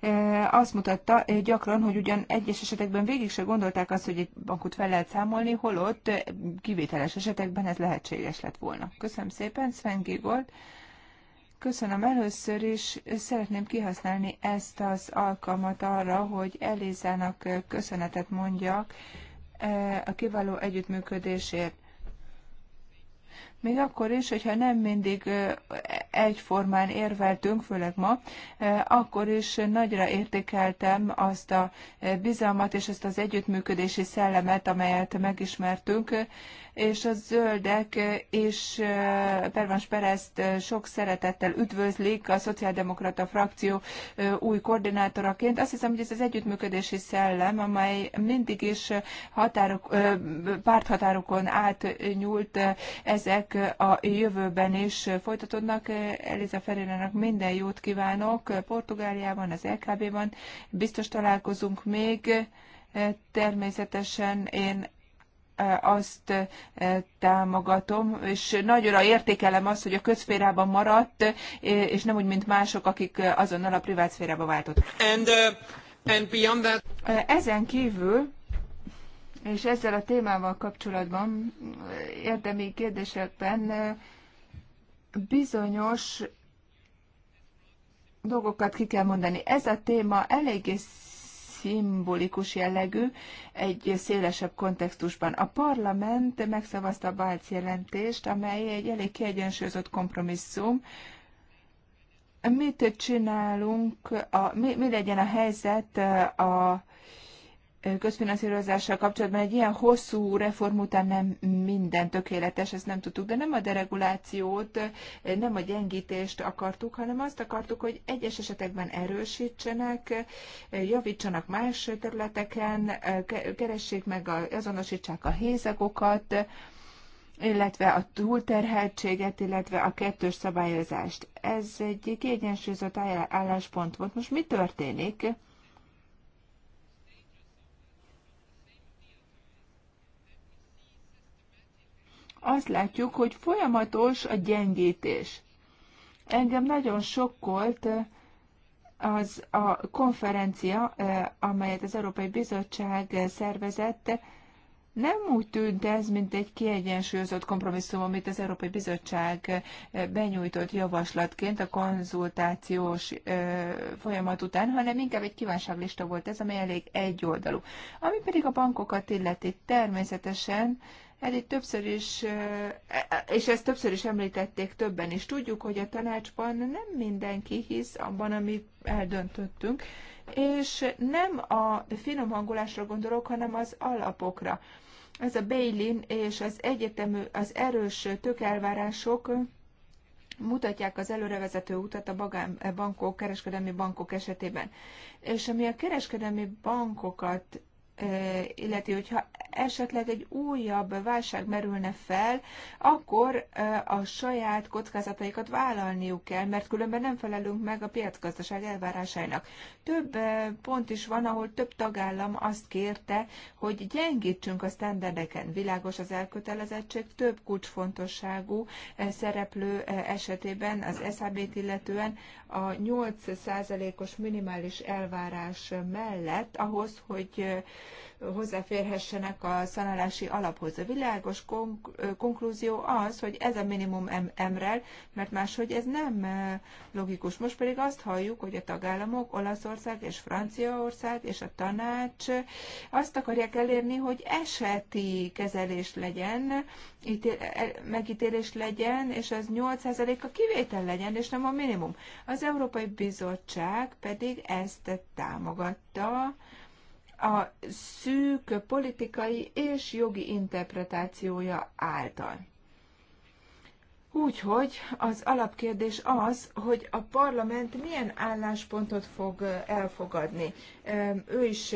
E, azt mutatta e, gyakran, hogy ugyan egyes esetekben végig se gondolták azt, hogy egy bankot fel lehet számolni, holott e, kivételes esetekben ez lehetséges lett volna. Köszönöm szépen, Sven Gigold. Köszönöm először is. Szeretném kihasználni ezt az alkalmat arra, hogy Elizának köszönetet mondjak a kiváló együttműködésért. Még akkor is, hogyha nem mindig egyformán érveltünk, főleg ma, e, akkor is nagyra értékeltem azt a e, bizalmat és azt az együttműködési szellemet, amelyet megismertünk, e, és a zöldek és Pervans Perezt sok szeretettel üdvözlik a szociáldemokrata frakció új koordinátoraként. Azt hiszem, hogy ez az együttműködési szellem, amely mindig is határok, párthatárokon átnyúlt, ezek a jövőben is folytatódnak, Eliza Ferreira-nak minden jót kívánok Portugáliában, az LKB-ban. Biztos találkozunk még. Természetesen én e, azt e, támogatom, és nagyra értékelem azt, hogy a közférában maradt, e, és nem úgy, mint mások, akik azonnal a privát szférába váltottak. And, uh, and beyond that... Ezen kívül, és ezzel a témával kapcsolatban érdemi kérdésekben bizonyos dolgokat ki kell mondani. Ez a téma eléggé szimbolikus jellegű egy szélesebb kontextusban. A parlament megszavazta a Balc jelentést, amely egy elég kiegyensúlyozott kompromisszum. Mit csinálunk, a, mi, mi legyen a helyzet eh, a közfinanszírozással kapcsolatban egy ilyen hosszú reform után nem minden tökéletes, ezt nem tudtuk, de nem a deregulációt, nem a gyengítést akartuk, hanem azt akartuk, hogy egyes esetekben erősítsenek, javítsanak más területeken, keressék meg, a, azonosítsák a hézagokat, illetve a túlterheltséget, illetve a kettős szabályozást. Ez egy kiegyensúlyozott álláspont volt. Most mi történik? azt látjuk, hogy folyamatos a gyengítés. Engem nagyon sokkolt eh, az a konferencia, eh, amelyet az Európai Bizottság eh, szervezett, nem úgy tűnt ez, mint egy kiegyensúlyozott kompromisszum, amit az Európai Bizottság benyújtott javaslatként a konzultációs folyamat után, hanem inkább egy kívánságlista volt ez, amely elég egyoldalú. Ami pedig a bankokat illeti természetesen, ez itt többször is, e, és ezt többször is említették többen is. Tudjuk, hogy a tanácsban nem mindenki hisz abban, amit eldöntöttünk, és nem a finom hangulásra gondolok, hanem az alapokra. Ez a Bailin és az egyetemű, az erős tökelvárások mutatják az előrevezető utat a bankok, kereskedelmi bankok esetében. És ami a kereskedelmi bankokat illeti, hogyha esetleg egy újabb válság merülne fel, akkor a saját kockázataikat vállalniuk kell, mert különben nem felelünk meg a piacgazdaság elvárásainak. Több pont is van, ahol több tagállam azt kérte, hogy gyengítsünk a sztenderdeken. Világos az elkötelezettség, több kulcsfontosságú szereplő esetében, az SAB-t illetően a 8%-os minimális elvárás mellett ahhoz, hogy hozzáférhessenek a szanálási alaphoz. A világos konklúzió az, hogy ez a minimum emrel, mert máshogy ez nem logikus. Most pedig azt halljuk, hogy a tagállamok, Olaszország és Franciaország és a tanács azt akarják elérni, hogy eseti kezelés legyen, e, megítélés legyen, és az 8% a kivétel legyen, és nem a minimum. Az Európai Bizottság pedig ezt támogatta, a szűk politikai és jogi interpretációja által. Úgyhogy az alapkérdés az, hogy a parlament milyen álláspontot fog elfogadni. Ő is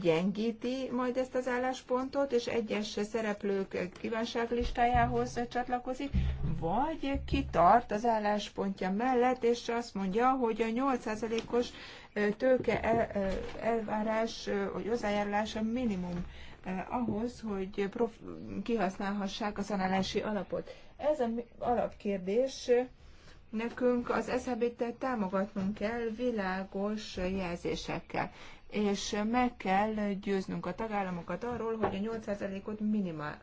gyengíti majd ezt az álláspontot, és egyes szereplők kívánságlistájához csatlakozik, vagy kitart az álláspontja mellett, és azt mondja, hogy a 8%-os tőke e, elvárás vagy hozzájárulása minimum ahhoz, hogy prof, kihasználhassák a szanálási alapot. Ez az alapkérdés nekünk az SZB-t támogatnunk kell világos jelzésekkel, és meg kell győznünk a tagállamokat arról, hogy a 8%-ot minimál,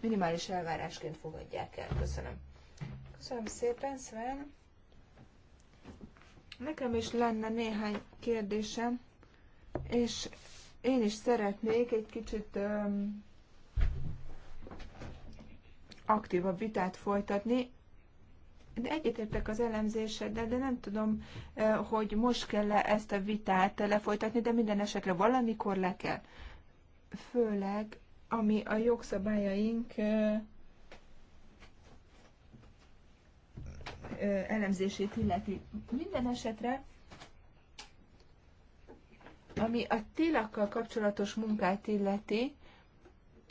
minimális elvárásként fogadják el. Köszönöm. Köszönöm szépen, Sven. Nekem is lenne néhány kérdésem, és én is szeretnék egy kicsit öm, aktívabb vitát folytatni. De egyetértek az elemzéseddel, de nem tudom, hogy most kell -e ezt a vitát lefolytatni, de minden esetre valamikor le kell. Főleg, ami a jogszabályaink elemzését illeti. Minden esetre, ami a télakkal kapcsolatos munkát illeti,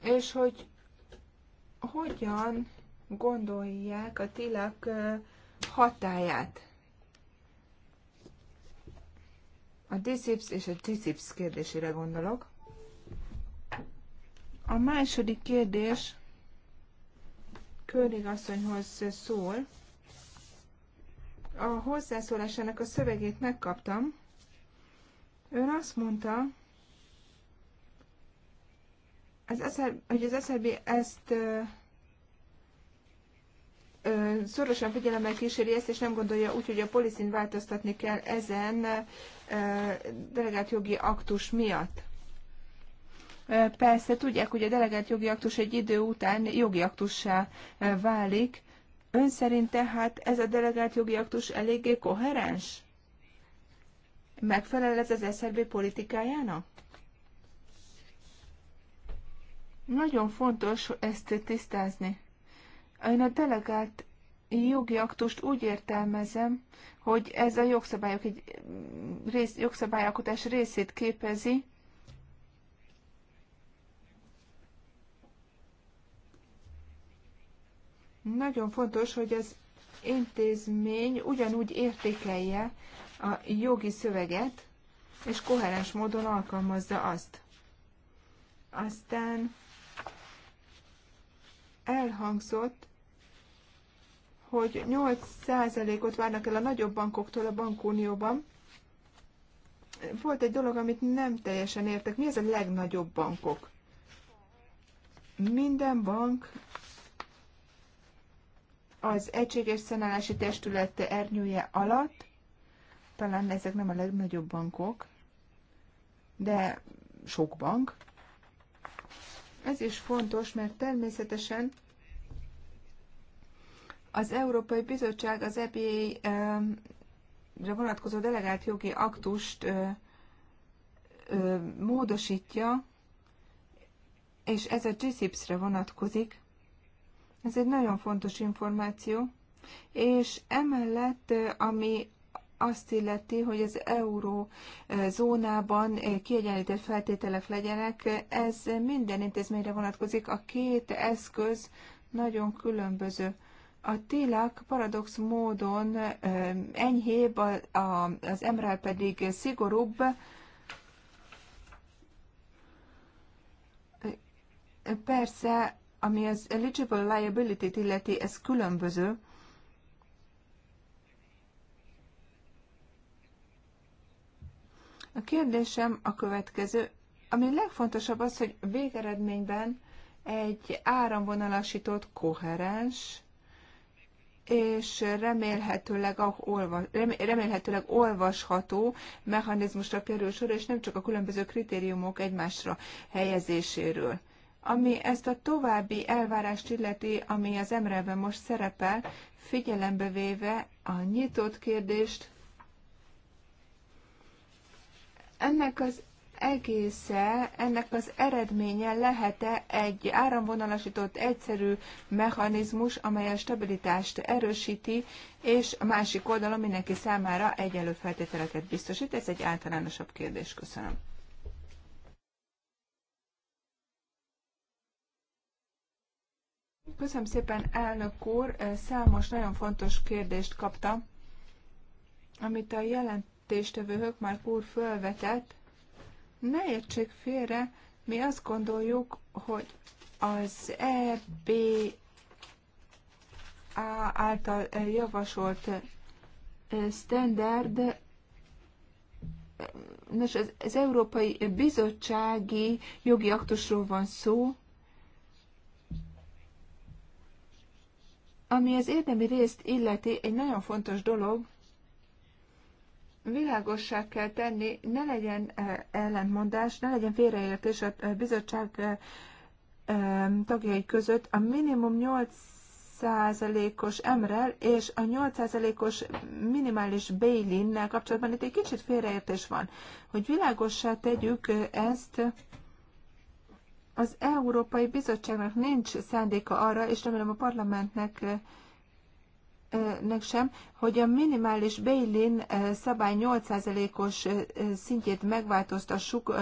és hogy hogyan gondolják a télak hatáját. A DCIPS és a TCIPS kérdésére gondolok. A második kérdés Körig asszonyhoz szól a hozzászólásának a szövegét megkaptam. Ön azt mondta, az SR, hogy az SRB ezt ö, ö, szorosan figyelemmel kíséri ezt, és nem gondolja úgy, hogy a poliszin változtatni kell ezen ö, delegált jogi aktus miatt. Persze tudják, hogy a delegált jogi aktus egy idő után jogi aktussá válik, Ön szerint tehát ez a delegált jogi aktus eléggé koherens? Megfelel ez az SZRB politikájának? Nagyon fontos ezt tisztázni. Én a delegált jogi aktust úgy értelmezem, hogy ez a jogszabályok egy rész, jogszabályalkotás részét képezi, Nagyon fontos, hogy az intézmény ugyanúgy értékelje a jogi szöveget, és koherens módon alkalmazza azt. Aztán elhangzott, hogy 8%-ot várnak el a nagyobb bankoktól a bankunióban. Volt egy dolog, amit nem teljesen értek. Mi az a legnagyobb bankok? Minden bank az Egységes Szenálási Testület ernyője alatt, talán ezek nem a legnagyobb bankok, de sok bank. Ez is fontos, mert természetesen az Európai Bizottság az EBA-re eh, vonatkozó delegált jogi aktust eh, eh, módosítja, és ez a GCIPS-re vonatkozik, ez egy nagyon fontos információ, és emellett, ami azt illeti, hogy az euró zónában kiegyenlített feltételek legyenek, ez minden intézményre vonatkozik. A két eszköz nagyon különböző. A TILAK paradox módon enyhébb, az MREL pedig szigorúbb, Persze ami az eligible liability-t illeti, ez különböző. A kérdésem a következő. Ami legfontosabb az, hogy végeredményben egy áramvonalasított, koherens, és remélhetőleg, olva, remélhetőleg olvasható mechanizmusra kerül sor, és nem csak a különböző kritériumok egymásra helyezéséről. Ami ezt a további elvárást illeti, ami az emrelben most szerepel, figyelembe véve a nyitott kérdést, ennek az egésze, ennek az eredménye lehet-e egy áramvonalasított, egyszerű mechanizmus, amely a stabilitást erősíti, és a másik oldalon mindenki számára egy feltételeket biztosít? Ez egy általánosabb kérdés. Köszönöm. Köszönöm szépen, elnök úr. Számos nagyon fontos kérdést kaptam, amit a jelentéstevő Hökmark úr fölvetett. Ne értsék félre, mi azt gondoljuk, hogy az EB által javasolt standard és az, az Európai Bizottsági jogi aktusról van szó, Ami az érdemi részt illeti, egy nagyon fontos dolog, világossá kell tenni, ne legyen e, ellentmondás, ne legyen félreértés a e, bizottság e, tagjai között a minimum 8%-os emrel és a 8%-os minimális bail-innel kapcsolatban itt egy kicsit félreértés van. Hogy világossá tegyük ezt, az Európai Bizottságnak nincs szándéka arra, és remélem a parlamentnek nek sem, hogy a minimális bail-in szabály 8%-os szintjét megváltoztassuk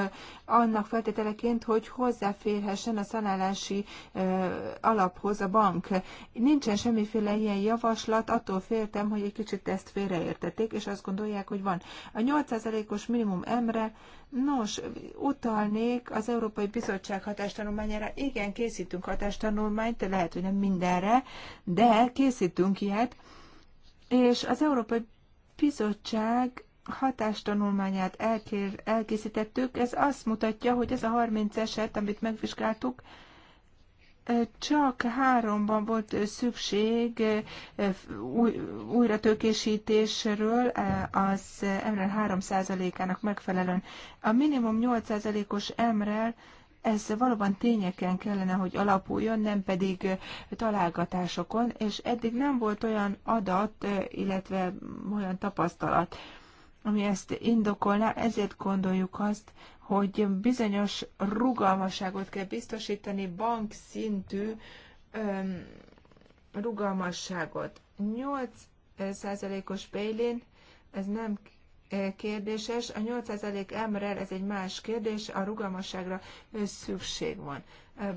annak feltételeként, hogy hozzáférhessen a szanálási alaphoz a bank. Nincsen semmiféle ilyen javaslat, attól féltem, hogy egy kicsit ezt félreértették, és azt gondolják, hogy van. A 8%-os minimum emre Nos, utalnék az Európai Bizottság hatástanulmányára. Igen, készítünk hatástanulmányt, lehet, hogy nem mindenre, de készítünk ilyet. És az Európai Bizottság hatástanulmányát elkér, elkészítettük. Ez azt mutatja, hogy ez a 30 eset, amit megvizsgáltuk, csak háromban volt szükség eh, új, újratőkésítésről eh, az emrel 3%-ának megfelelően. A minimum 8%-os emrel ez valóban tényeken kellene, hogy alapuljon, nem pedig eh, találgatásokon, és eddig nem volt olyan adat, illetve olyan tapasztalat, ami ezt indokolná, ezért gondoljuk azt, hogy bizonyos rugalmasságot kell biztosítani, bank szintű öm, rugalmasságot. 8%-os eh, Bélin, ez nem eh, kérdéses. A 8% emrel, ez egy más kérdés, a rugalmasságra eh, szükség van.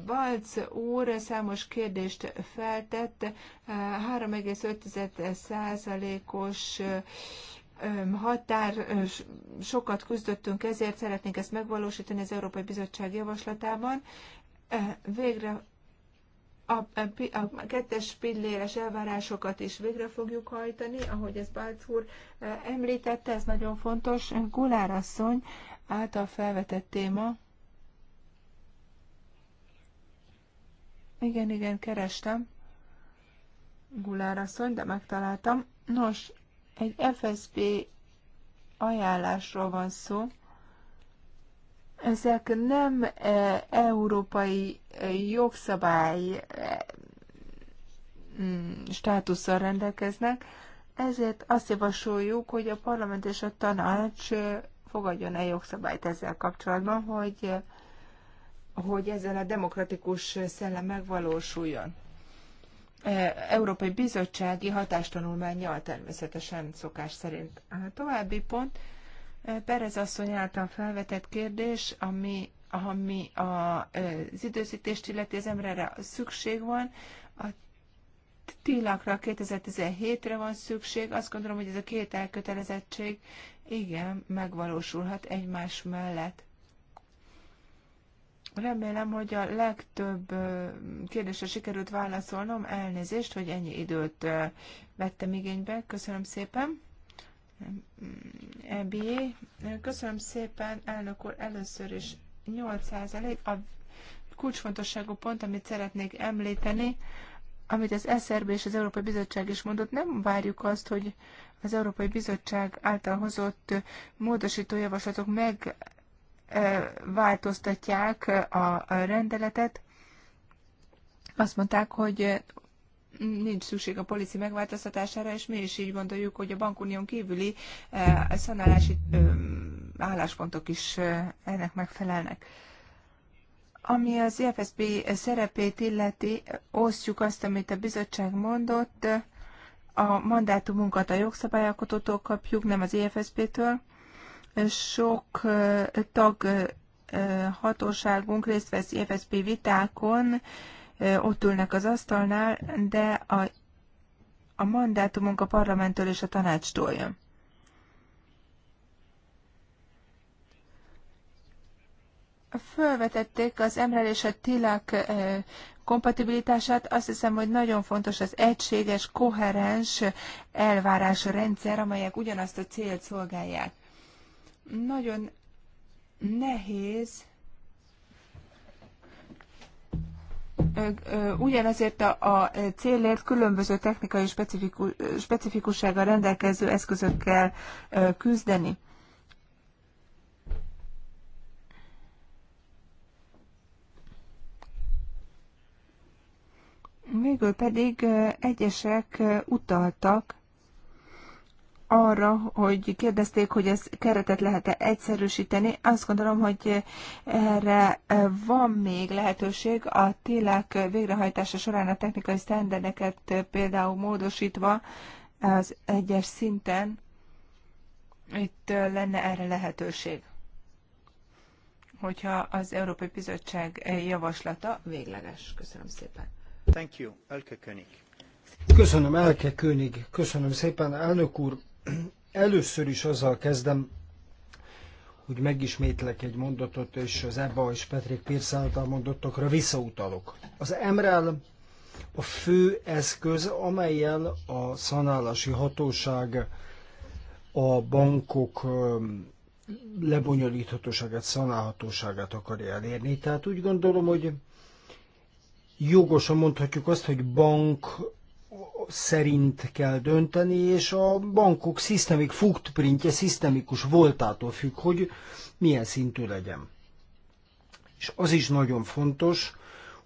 Balc úr számos kérdést feltett, 3,5%-os határ, sokat küzdöttünk ezért, szeretnénk ezt megvalósítani az Európai Bizottság javaslatában. Végre a, a, a kettes pilléres elvárásokat is végre fogjuk hajtani, ahogy ez Bálc úr említette, ez nagyon fontos. Gulár asszony által felvetett téma. Igen, igen, kerestem. Gulár asszony, de megtaláltam. Nos, egy FSB ajánlásról van szó. Ezek nem e, európai e, jogszabály e, mm, státusszal rendelkeznek, ezért azt javasoljuk, hogy a parlament és a tanács fogadjon el jogszabályt ezzel kapcsolatban, hogy, hogy ezzel a demokratikus szellem megvalósuljon. E, Európai Bizottsági hatástanulmányjal természetesen szokás szerint. A további pont, e, Perez asszony által felvetett kérdés, ami, ami a, e, az időzítést illeti az emberre szükség van, a tilakra 2017-re van szükség. Azt gondolom, hogy ez a két elkötelezettség igen, megvalósulhat egymás mellett. Remélem, hogy a legtöbb kérdésre sikerült válaszolnom. Elnézést, hogy ennyi időt vettem igénybe. Köszönöm szépen. Mm, EBA. Köszönöm szépen, elnök úr, először is 8% a kulcsfontosságú pont, amit szeretnék említeni, amit az SRB és az Európai Bizottság is mondott, nem várjuk azt, hogy az Európai Bizottság által hozott módosító javaslatok meg változtatják a rendeletet. Azt mondták, hogy nincs szükség a polici megváltoztatására, és mi is így gondoljuk, hogy a bankunión kívüli szanálási álláspontok is ennek megfelelnek. Ami az IFSB e szerepét illeti, osztjuk azt, amit a bizottság mondott, a mandátumunkat a jogszabályalkotótól kapjuk, nem az IFSB-től. E sok tag hatóságunk részt vesz FSP vitákon, ott ülnek az asztalnál, de a, a mandátumunk a parlamenttől és a tanácstól jön. Fölvetették az Emre és a Tilak kompatibilitását. Azt hiszem, hogy nagyon fontos az egységes, koherens elvárásrendszer, amelyek ugyanazt a célt szolgálják. Nagyon nehéz ugyanezért a, a célért különböző technikai specifikus, specifikussággal rendelkező eszközökkel küzdeni. Végül pedig egyesek utaltak arra, hogy kérdezték, hogy ez keretet lehet-e egyszerűsíteni. Azt gondolom, hogy erre van még lehetőség a télek végrehajtása során a technikai sztenderdeket például módosítva az egyes szinten. Itt lenne erre lehetőség, hogyha az Európai Bizottság javaslata végleges. Köszönöm szépen. Thank you. Elke König. Köszönöm, Elke König. Köszönöm szépen, elnök úr. Először is azzal kezdem, hogy megismétlek egy mondatot, és az Ebba és Petrik Pirsz által mondottakra visszautalok. Az MREL a fő eszköz, amelyel a szanálási hatóság a bankok lebonyolíthatóságát, szanálhatóságát akarja elérni. Tehát úgy gondolom, hogy jogosan mondhatjuk azt, hogy bank szerint kell dönteni, és a bankok szisztemik footprintje, szisztemikus voltától függ, hogy milyen szintű legyen. És az is nagyon fontos,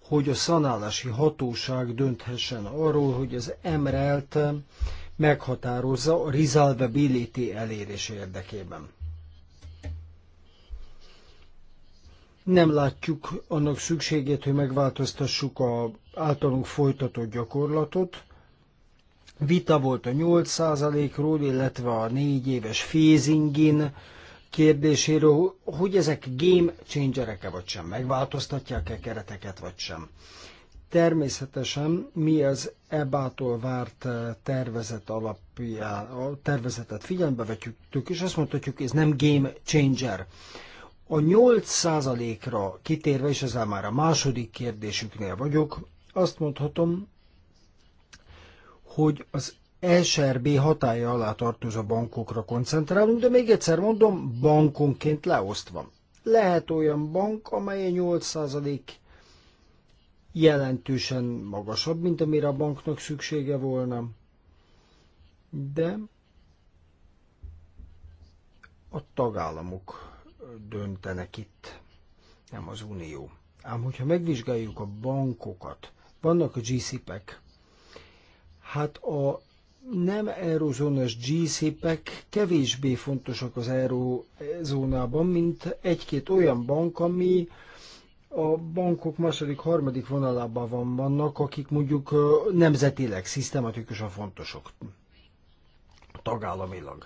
hogy a szanálási hatóság dönthessen arról, hogy az emrelt meghatározza a resolvability elérés érdekében. Nem látjuk annak szükségét, hogy megváltoztassuk a általunk folytatott gyakorlatot, Vita volt a 8%-ról, illetve a négy éves phasingin kérdéséről, hogy ezek game changerek-e vagy sem, megváltoztatják-e kereteket vagy sem. Természetesen mi az EBA-tól várt eh, tervezet alapján, a tervezetet figyelembe vetjük, és azt mondhatjuk, ez nem game changer. A 8%-ra kitérve, és ezzel már a második kérdésüknél vagyok, azt mondhatom, hogy az SRB hatája alá tartozó bankokra koncentrálunk, de még egyszer mondom, bankonként leosztva. Lehet olyan bank, amely 8% jelentősen magasabb, mint amire a banknak szüksége volna. De a tagállamok döntenek itt, nem az Unió. Ám hogyha megvizsgáljuk a bankokat, vannak a GCP-ek, hát a nem eurozónás G-szépek kevésbé fontosak az eurozónában, mint egy-két olyan bank, ami a bankok második, harmadik vonalában van, vannak, akik mondjuk nemzetileg, szisztematikusan fontosok tagállamilag.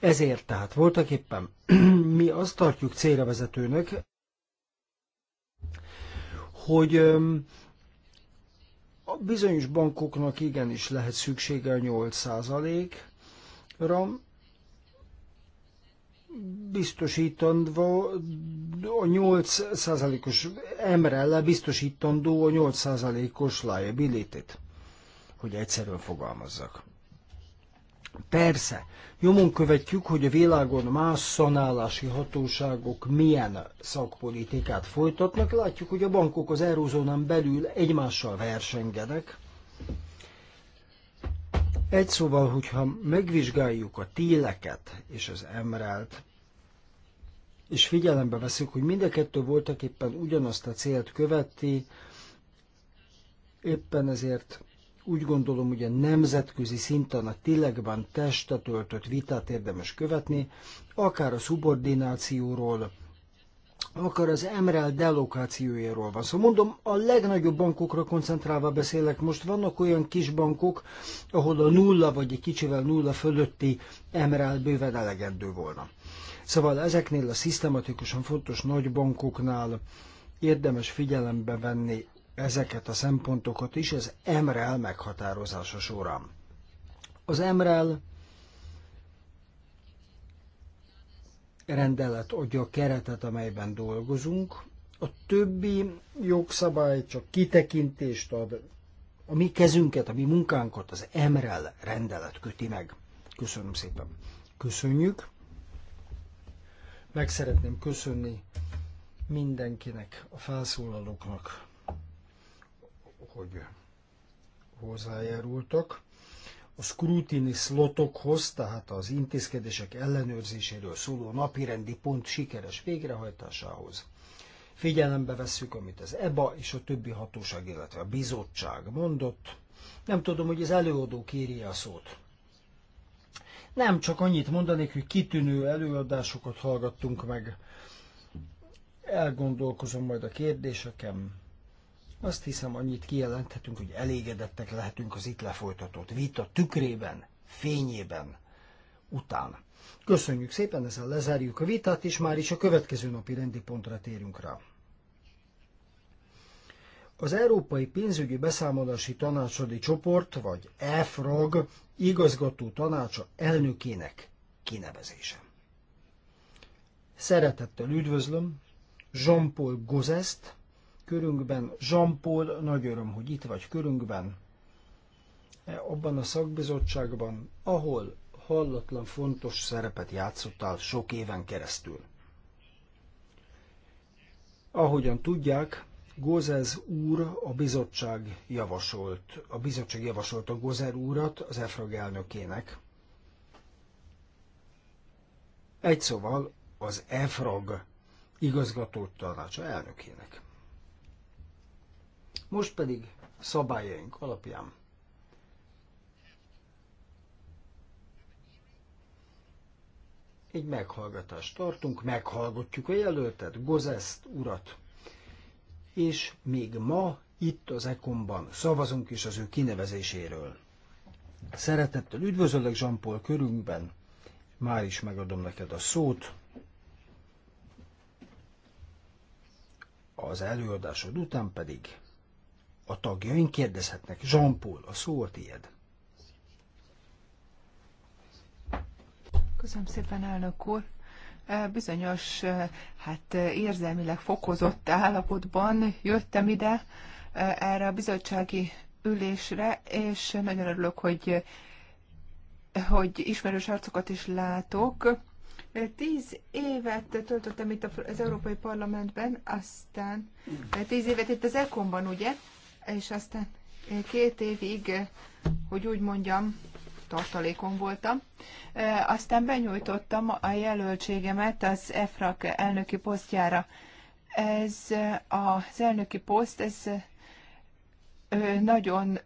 Ezért tehát voltak éppen mi azt tartjuk célra vezetőnek, hogy a bizonyos bankoknak igenis lehet szüksége a 8%-ra, biztosítandó a 8%-os emrelle biztosítandó a 8%-os liability-t, hogy egyszerűen fogalmazzak. Persze, nyomon követjük, hogy a világon más szanálási hatóságok milyen szakpolitikát folytatnak. Látjuk, hogy a bankok az eurózónán belül egymással versengenek. Egy szóval, hogyha megvizsgáljuk a tíleket és az emrelt, és figyelembe veszük, hogy mind a kettő voltak éppen ugyanazt a célt követi, éppen ezért úgy gondolom, hogy a nemzetközi szinten a ténylegben testet töltött vitát érdemes követni, akár a szubordinációról, akár az MREL delokációjáról van. Szóval mondom, a legnagyobb bankokra koncentrálva beszélek. Most vannak olyan kis bankok, ahol a nulla vagy egy kicsivel nulla fölötti MREL bőven elegendő volna. Szóval ezeknél a szisztematikusan fontos nagy bankoknál érdemes figyelembe venni ezeket a szempontokat is az MREL meghatározása során. Az MREL rendelet adja a keretet, amelyben dolgozunk, a többi jogszabály csak kitekintést ad, a mi kezünket, a mi munkánkat az MREL rendelet köti meg. Köszönöm szépen. Köszönjük. Meg szeretném köszönni mindenkinek, a felszólalóknak, hogy hozzájárultak. A scrutiny slotokhoz, tehát az intézkedések ellenőrzéséről szóló napirendi pont sikeres végrehajtásához figyelembe vesszük, amit az EBA és a többi hatóság, illetve a bizottság mondott. Nem tudom, hogy az előadó kéri a szót. Nem, csak annyit mondanék, hogy kitűnő előadásokat hallgattunk meg. Elgondolkozom majd a kérdéseken. Azt hiszem, annyit kijelenthetünk, hogy elégedettek lehetünk az itt lefolytatott vita tükrében, fényében, után. Köszönjük szépen, ezzel lezárjuk a vitát, és már is a következő napi rendi pontra térünk rá. Az Európai Pénzügyi Beszámolási Tanácsadi Csoport, vagy EFRAG igazgató tanácsa elnökének kinevezése. Szeretettel üdvözlöm Jean-Paul Gozest, körünkben. Jean-Paul, nagy öröm, hogy itt vagy körünkben, e, abban a szakbizottságban, ahol hallatlan fontos szerepet játszottál sok éven keresztül. Ahogyan tudják, Gózez úr a bizottság javasolt, a bizottság javasolt a Gózer úrat az EFRAG elnökének. Egy szóval az EFRAG igazgató tanácsa elnökének. Most pedig szabályaink alapján egy meghallgatást tartunk, meghallgatjuk a jelöltet, Gozeszt urat. És még ma itt az Ekomban szavazunk is az ő kinevezéséről. Szeretettel üdvözöllek Zsampol körünkben, már is megadom neked a szót. Az előadásod után pedig a tagjaink kérdezhetnek. Jean-Paul, a szó a tiéd. Köszönöm szépen, elnök úr. E, bizonyos, e, hát e, érzelmileg fokozott állapotban jöttem ide erre a bizottsági ülésre, és nagyon örülök, hogy, hogy ismerős arcokat is látok. Tíz évet töltöttem itt az Európai Parlamentben, aztán tíz évet itt az Ekonban, ugye? és aztán eh, két évig, eh, hogy úgy mondjam, tartalékon voltam. Eh, aztán benyújtottam a jelöltségemet az EFRAK elnöki posztjára. Ez az elnöki poszt, ez nagyon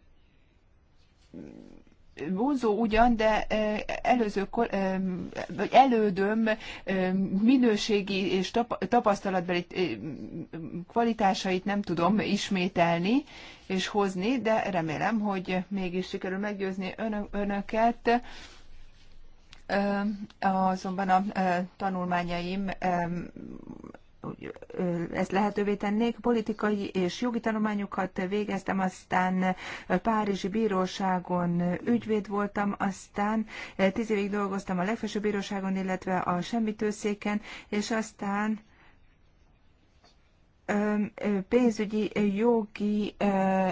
vonzó ugyan, de előző, vagy elődöm minőségi és tapasztalatbeli kvalitásait nem tudom ismételni és hozni, de remélem, hogy mégis sikerül meggyőzni önöket. Azonban a tanulmányaim ezt lehetővé tennék. Politikai és jogi tanulmányokat végeztem, aztán Párizsi Bíróságon ügyvéd voltam, aztán tíz évig dolgoztam a legfelsőbb bíróságon, illetve a semmitőszéken, és aztán pénzügyi jogi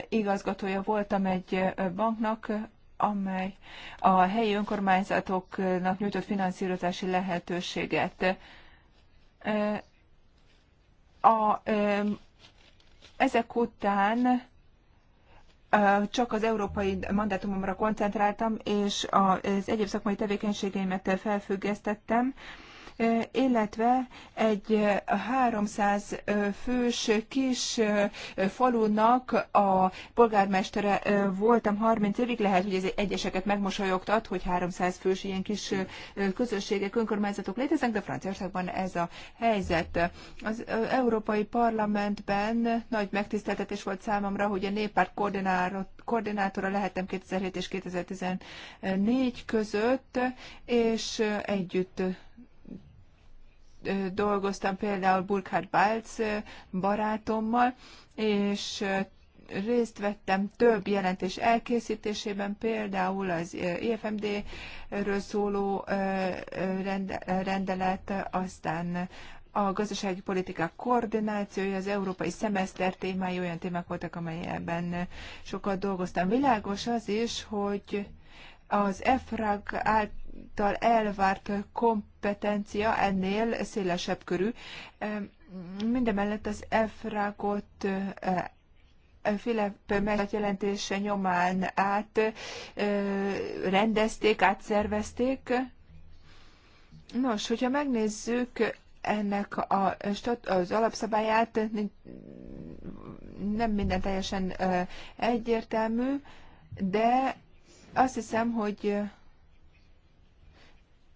igazgatója voltam egy banknak, amely a helyi önkormányzatoknak nyújtott finanszírozási lehetőséget a, ezek után csak az európai mandátumomra koncentráltam, és az egyéb szakmai tevékenységeimet felfüggesztettem, illetve egy 300 fős kis falunak a polgármestere voltam 30 évig, lehet, hogy ez egyeseket megmosolyogtat, hogy 300 fős ilyen kis közösségek, önkormányzatok léteznek, de Franciaországban ez a helyzet. Az Európai Parlamentben nagy megtiszteltetés volt számomra, hogy a néppárt koordinátora lehettem 2007 és 2014 között, és együtt dolgoztam például Burkhard Balc barátommal, és részt vettem több jelentés elkészítésében, például az EFMD-ről szóló rendelet, aztán a gazdasági politikák koordinációja, az európai szemeszter témái olyan témák voltak, amelyekben sokat dolgoztam. Világos az is, hogy az EFRAG által elvárt kompetencia ennél szélesebb körű. Mindemellett az EFRAG-ot Filip Megat jelentése nyomán át rendezték, átszervezték. Nos, hogyha megnézzük ennek a, az alapszabályát, nem minden teljesen egyértelmű, de azt hiszem, hogy eh,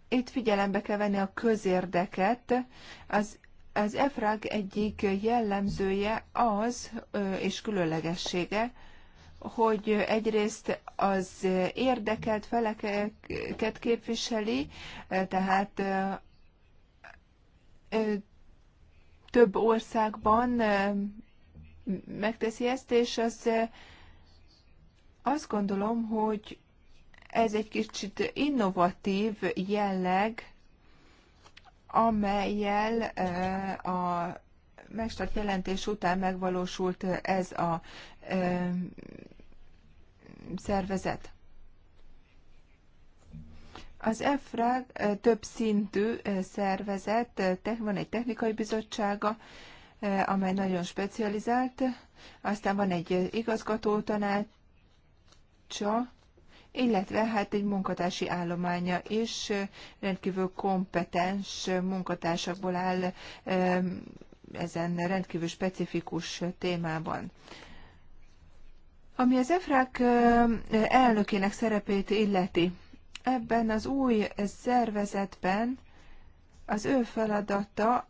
itt figyelembe kell venni a közérdeket. Az, az EFRAG egyik jellemzője az, eh, és különlegessége, hogy egyrészt az érdekelt feleket képviseli, eh, tehát több országban megteszi ezt, és az azt gondolom, hogy ez egy kicsit innovatív jelleg, amelyel eh, a megstart jelentés után megvalósult eh, ez a eh, szervezet. Az EFRAG több szintű szervezet, van egy technikai bizottsága, amely nagyon specializált, aztán van egy igazgató tanácsa, illetve hát egy munkatársi állománya is rendkívül kompetens munkatársakból áll ezen rendkívül specifikus témában. Ami az EFRAK elnökének szerepét illeti, ebben az új szervezetben az ő feladata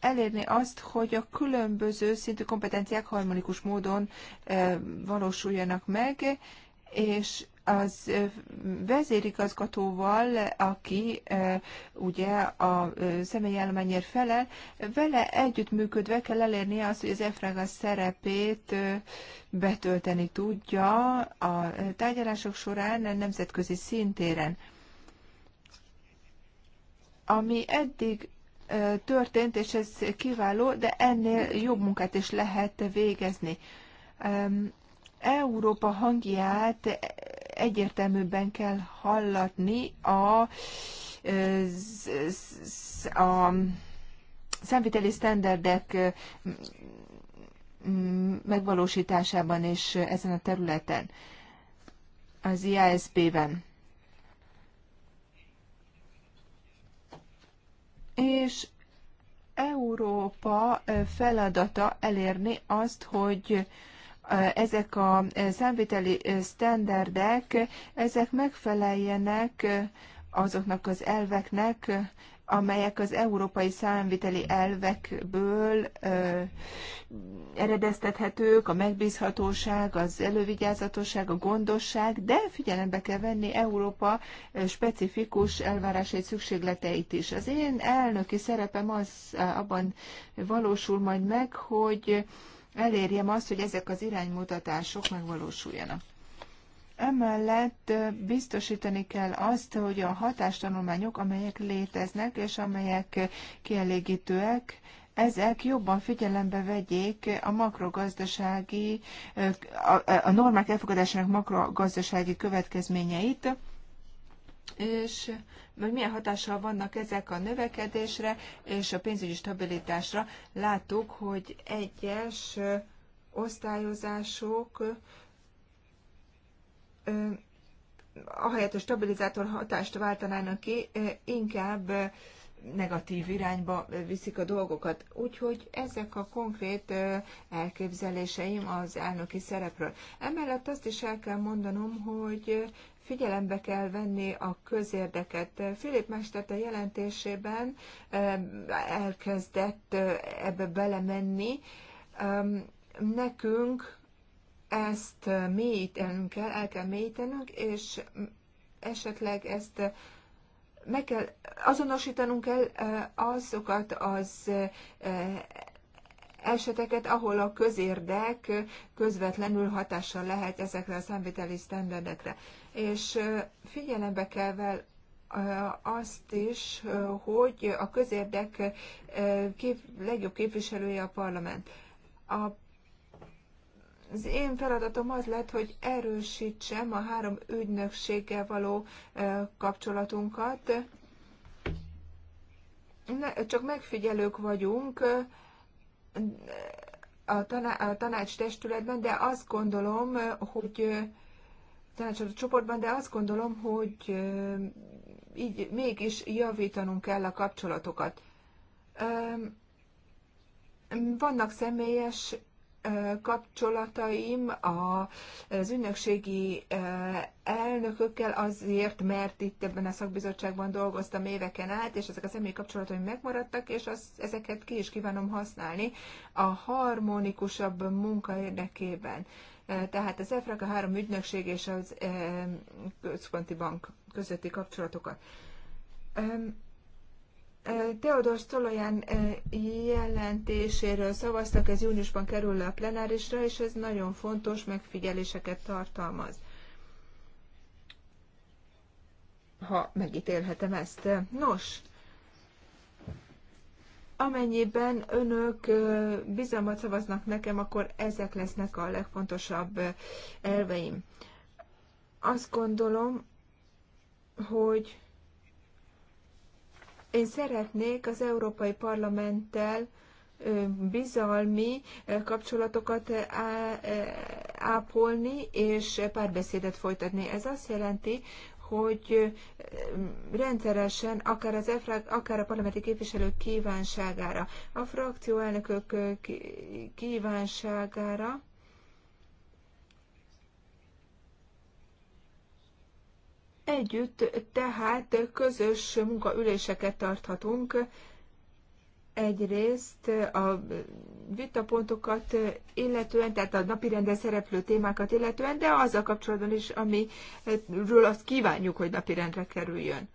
elérni azt, hogy a különböző szintű kompetenciák harmonikus módon valósuljanak meg, és az vezérigazgatóval, aki ugye a személyállományért állományért felel, vele együttműködve kell elérnie azt, hogy az EFRAGA szerepét betölteni tudja a tárgyalások során a nemzetközi szintéren. Ami eddig történt, és ez kiváló, de ennél jobb munkát is lehet végezni. Európa hangját egyértelműbben kell hallatni a, a szemviteli sztenderdek megvalósításában és ezen a területen, az IASB-ben. És Európa feladata elérni azt, hogy ezek a számviteli sztenderdek, ezek megfeleljenek azoknak az elveknek, amelyek az európai számviteli elvekből ö, eredeztethetők, a megbízhatóság, az elővigyázatosság, a gondosság, de figyelembe kell venni Európa specifikus elvárásait, szükségleteit is. Az én elnöki szerepem az abban valósul majd meg, hogy elérjem azt, hogy ezek az iránymutatások megvalósuljanak. Emellett biztosítani kell azt, hogy a hatástanulmányok, amelyek léteznek és amelyek kielégítőek, ezek jobban figyelembe vegyék a makrogazdasági, a, a normák elfogadásának makrogazdasági következményeit, és hogy milyen hatással vannak ezek a növekedésre és a pénzügyi stabilitásra. Láttuk, hogy egyes osztályozások ahelyett a stabilizátor hatást váltanának ki, inkább negatív irányba viszik a dolgokat. Úgyhogy ezek a konkrét elképzeléseim az elnöki szerepről. Emellett azt is el kell mondanom, hogy figyelembe kell venni a közérdeket. Filip Mester a jelentésében elkezdett ebbe belemenni. Nekünk ezt mélyítenünk kell, el kell mélyítenünk, és esetleg ezt meg kell azonosítanunk kell azokat az eseteket, ahol a közérdek közvetlenül hatással lehet ezekre a számviteli sztenderdekre. És figyelembe kell vel azt is, hogy a közérdek kép, legjobb képviselője a parlament. A, az én feladatom az lett, hogy erősítsem a három ügynökséggel való kapcsolatunkat. Ne, csak megfigyelők vagyunk, a, taná- a tanács testületben, de azt gondolom, hogy tanácsadó csoportban, de azt gondolom, hogy így mégis javítanunk kell a kapcsolatokat. Vannak személyes kapcsolataim az ünnökségi elnökökkel azért, mert itt ebben a szakbizottságban dolgoztam éveken át, és ezek a személyi kapcsolataim megmaradtak, és az, ezeket ki is kívánom használni a harmonikusabb munka érdekében. Tehát az EFRAK, a három ügynökség és az Központi Bank közötti kapcsolatokat. Teodor Szoloján jelentéséről szavaztak, ez júniusban kerül le a plenárisra, és ez nagyon fontos megfigyeléseket tartalmaz. Ha megítélhetem ezt. Nos, amennyiben önök bizalmat szavaznak nekem, akkor ezek lesznek a legfontosabb elveim. Azt gondolom, hogy én szeretnék az Európai Parlamenttel bizalmi kapcsolatokat ápolni és párbeszédet folytatni. Ez azt jelenti, hogy rendszeresen, akár, az EFRA, akár a parlamenti képviselők kívánságára, a frakció elnökök kívánságára, Együtt tehát közös munkaüléseket tarthatunk, egyrészt a vitapontokat illetően, tehát a napirenden szereplő témákat illetően, de azzal kapcsolatban is, amiről azt kívánjuk, hogy napirendre kerüljön.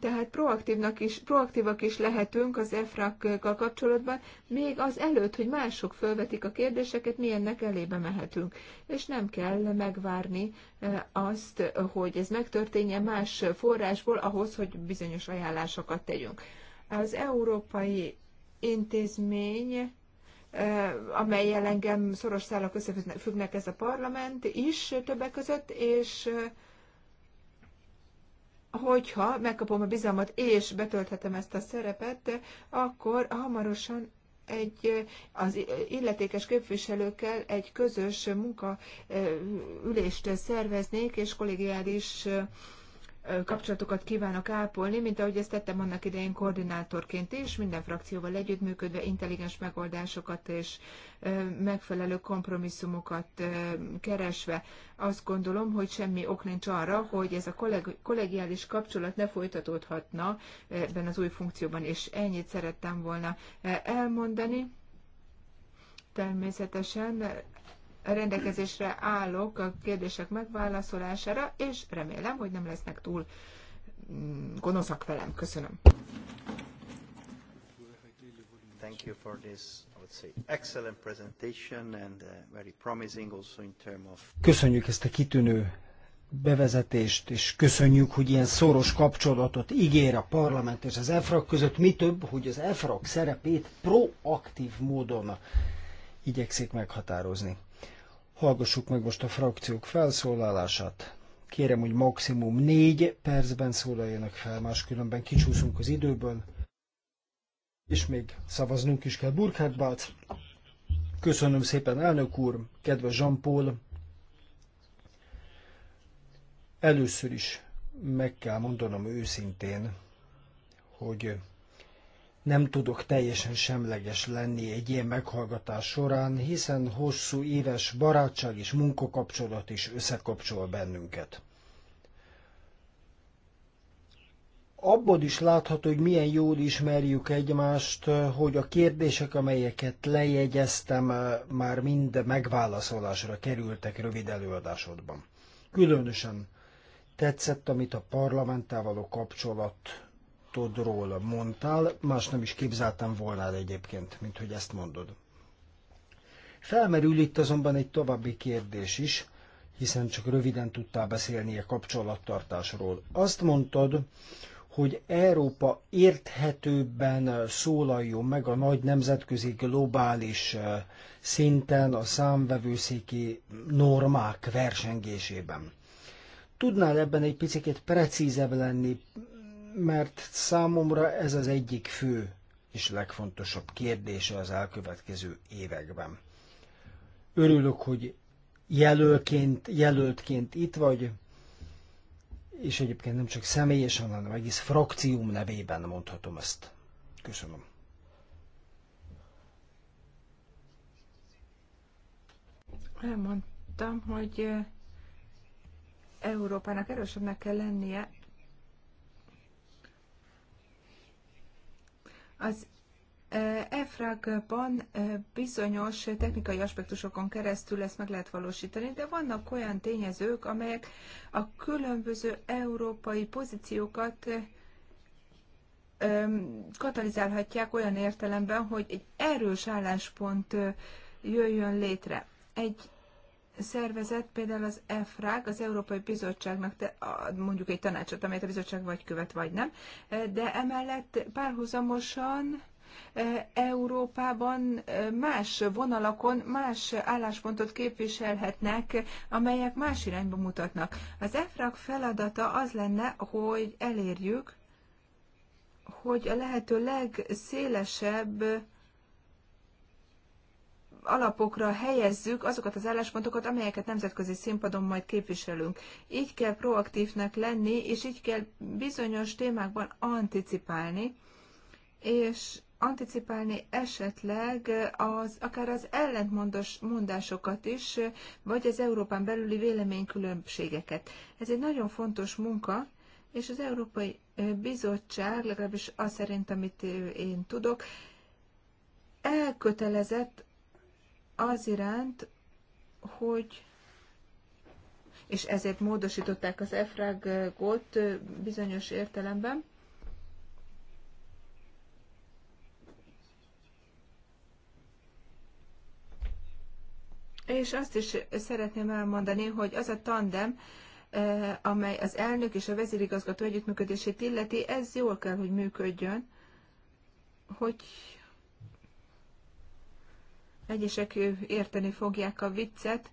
Tehát proaktívnak is, proaktívak is lehetünk az EFRAK-kal kapcsolatban, még az előtt, hogy mások felvetik a kérdéseket, mi ennek elébe mehetünk. És nem kell megvárni eh, azt, hogy ez megtörténjen más forrásból ahhoz, hogy bizonyos ajánlásokat tegyünk. Az európai intézmény eh, amelyel engem szoros szálak összefüggnek ez a parlament is többek között, és eh, hogyha megkapom a bizalmat és betölthetem ezt a szerepet, akkor hamarosan egy, az illetékes képviselőkkel egy közös munkaülést szerveznék, és kollégiális kapcsolatokat kívánok ápolni, mint ahogy ezt tettem annak idején koordinátorként is, minden frakcióval együttműködve intelligens megoldásokat és megfelelő kompromisszumokat keresve. Azt gondolom, hogy semmi ok nincs arra, hogy ez a kollegiális kapcsolat ne folytatódhatna ebben az új funkcióban, és ennyit szerettem volna elmondani. Természetesen rendelkezésre állok a kérdések megválaszolására, és remélem, hogy nem lesznek túl mm, gonoszak velem. Köszönöm. Thank you for this, I would say, excellent presentation and uh, very promising also in term of... Köszönjük ezt a kitűnő bevezetést, és köszönjük, hogy ilyen szoros kapcsolatot ígér a parlament és az EFRAG között. Mi több, hogy az EFRAG szerepét proaktív módon igyekszik meghatározni. Hallgassuk meg most a frakciók felszólalását. Kérem, hogy maximum négy percben szólaljanak fel, máskülönben kicsúszunk az időből. És még szavaznunk is kell Burkhardt Köszönöm szépen, elnök úr, kedves Jean-Paul. Először is meg kell mondanom őszintén, hogy nem tudok teljesen semleges lenni egy ilyen meghallgatás során, hiszen hosszú éves barátság és munkakapcsolat is összekapcsol bennünket. Abból is látható, hogy milyen jól ismerjük egymást, hogy a kérdések, amelyeket lejegyeztem, már mind megválaszolásra kerültek rövid előadásodban. Különösen tetszett, amit a parlamenttel való kapcsolat gondolatodról mondtál, más nem is képzeltem volna el egyébként, mint hogy ezt mondod. Felmerül itt azonban egy további kérdés is, hiszen csak röviden tudtál beszélni a kapcsolattartásról. Azt mondtad, hogy Európa érthetőbben szólaljon meg a nagy nemzetközi globális eh, szinten a számvevőszéki normák versengésében. Tudnál ebben egy picit precízebb lenni, mert számomra ez az egyik fő és legfontosabb kérdése az elkövetkező években. Örülök, hogy jelölként, jelöltként itt vagy, és egyébként nem csak személyesen, hanem egész frakcióm nevében mondhatom ezt. Köszönöm. Elmondtam, hogy Európának erősebbnek kell lennie, Az EFRAG-ban bizonyos technikai aspektusokon keresztül ezt meg lehet valósítani, de vannak olyan tényezők, amelyek a különböző európai pozíciókat katalizálhatják olyan értelemben, hogy egy erős álláspont jöjjön létre. Egy szervezet, például az EFRAG, az Európai Bizottságnak te, mondjuk egy tanácsot, amelyet a bizottság vagy követ, vagy nem, e, de emellett párhuzamosan e, Európában e, más vonalakon más álláspontot képviselhetnek, amelyek más irányba mutatnak. Az EFRAG feladata az lenne, hogy elérjük, hogy a lehető legszélesebb alapokra helyezzük azokat az álláspontokat, amelyeket nemzetközi színpadon majd képviselünk. Így kell proaktívnak lenni, és így kell bizonyos témákban anticipálni, és anticipálni esetleg az, akár az ellentmondos mondásokat is, vagy az Európán belüli véleménykülönbségeket. Ez egy nagyon fontos munka, és az Európai Bizottság, legalábbis az szerint, amit én tudok, elkötelezett az iránt, hogy és ezért módosították az efragot bizonyos értelemben, És azt is szeretném elmondani, hogy az a tandem, amely az elnök és a vezérigazgató együttműködését illeti, ez jól kell, hogy működjön, hogy Egyesek érteni fogják a viccet.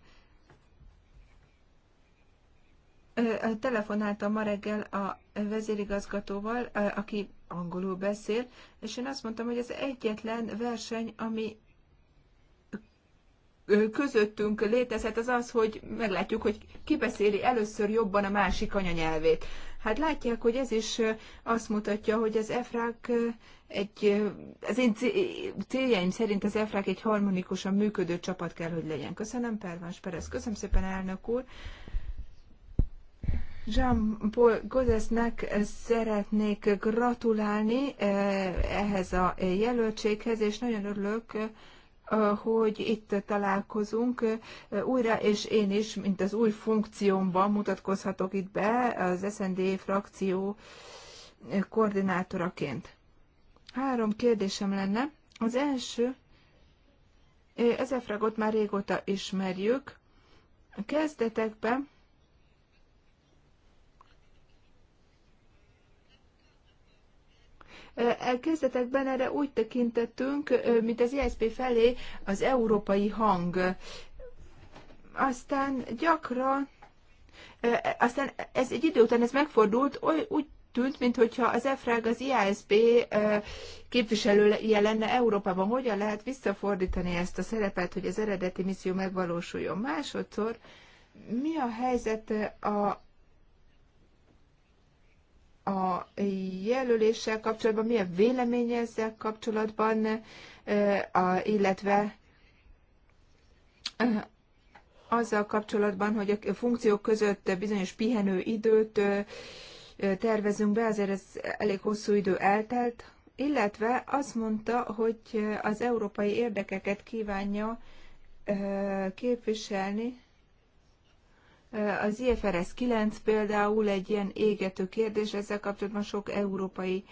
Telefonáltam ma reggel a vezérigazgatóval, aki angolul beszél, és én azt mondtam, hogy ez egyetlen verseny, ami közöttünk létezhet, az az, hogy meglátjuk, hogy ki beszéli először jobban a másik anyanyelvét. Hát látják, hogy ez is azt mutatja, hogy az EFRAK egy, az én céljaim szerint az EFRAK egy harmonikusan működő csapat kell, hogy legyen. Köszönöm, Pervans Perez. Köszönöm szépen, elnök úr. Jean-Paul Gozesnek szeretnék gratulálni ehhez a jelöltséghez, és nagyon örülök, hogy itt találkozunk újra, és én is, mint az új funkciómban mutatkozhatok itt be az SND frakció koordinátoraként. Három kérdésem lenne. Az első, Ezefragot már régóta ismerjük. A kezdetekben E, kezdetekben erre úgy tekintettünk, mint az ISP felé az európai hang. Aztán gyakran, e, aztán ez egy idő után ez megfordult, úgy tűnt, mintha az EFRAG az IASB képviselője lenne Európában. Hogyan lehet visszafordítani ezt a szerepet, hogy az eredeti misszió megvalósuljon? Másodszor, mi a helyzet a a jelöléssel kapcsolatban, mi a véleménye ezzel kapcsolatban, illetve azzal kapcsolatban, hogy a funkciók között bizonyos pihenő időt tervezünk be, azért ez elég hosszú idő eltelt, illetve azt mondta, hogy az európai érdekeket kívánja képviselni, az IFRS 9 például egy ilyen égető kérdés, ezzel kapcsolatban sok európai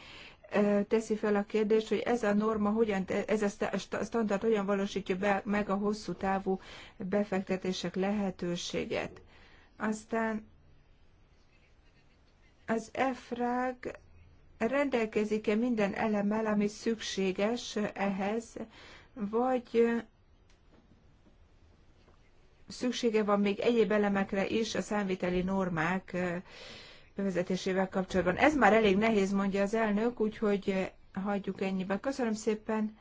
teszi fel a kérdést, hogy ez a norma, hogyan, ez a standard hogyan valósítja be, meg a hosszú távú befektetések lehetőséget. Aztán az EFRAG rendelkezik-e minden elemmel, ami szükséges ehhez, vagy szüksége van még egyéb elemekre is a számviteli normák bevezetésével kapcsolatban. Ez már elég nehéz, mondja az elnök, úgyhogy hagyjuk ennyiben. Köszönöm szépen,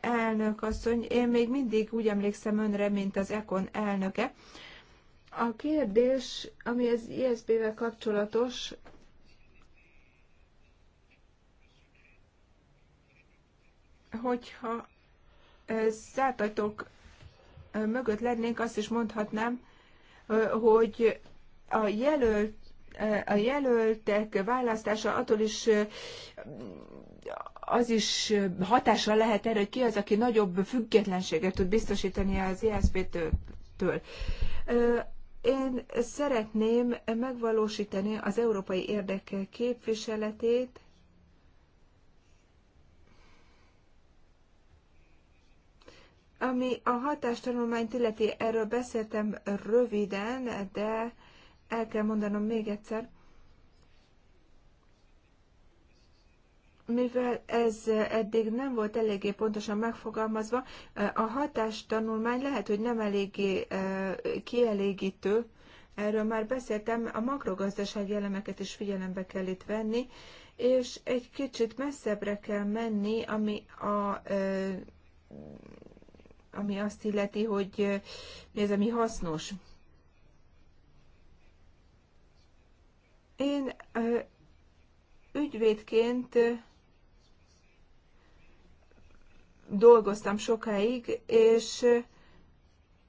elnök asszony. Én még mindig úgy emlékszem önre, mint az EKON elnöke. A kérdés, ami az ISB-vel kapcsolatos, hogyha zártatok mögött lennénk, azt is mondhatnám, hogy a jelölt a jelöltek választása attól is az is hatással lehet erre, hogy ki az, aki nagyobb függetlenséget tud biztosítani az ISZP-től. Én szeretném megvalósítani az európai érdekek képviseletét, Ami a hatástanulmányt illeti, erről beszéltem röviden, de el kell mondanom még egyszer, mivel ez eddig nem volt eléggé pontosan megfogalmazva, a hatástanulmány lehet, hogy nem eléggé kielégítő, erről már beszéltem, a makrogazdasági elemeket is figyelembe kell itt venni, és egy kicsit messzebbre kell menni, ami a ami azt illeti, hogy mi az, ami hasznos. Én ügyvédként dolgoztam sokáig, és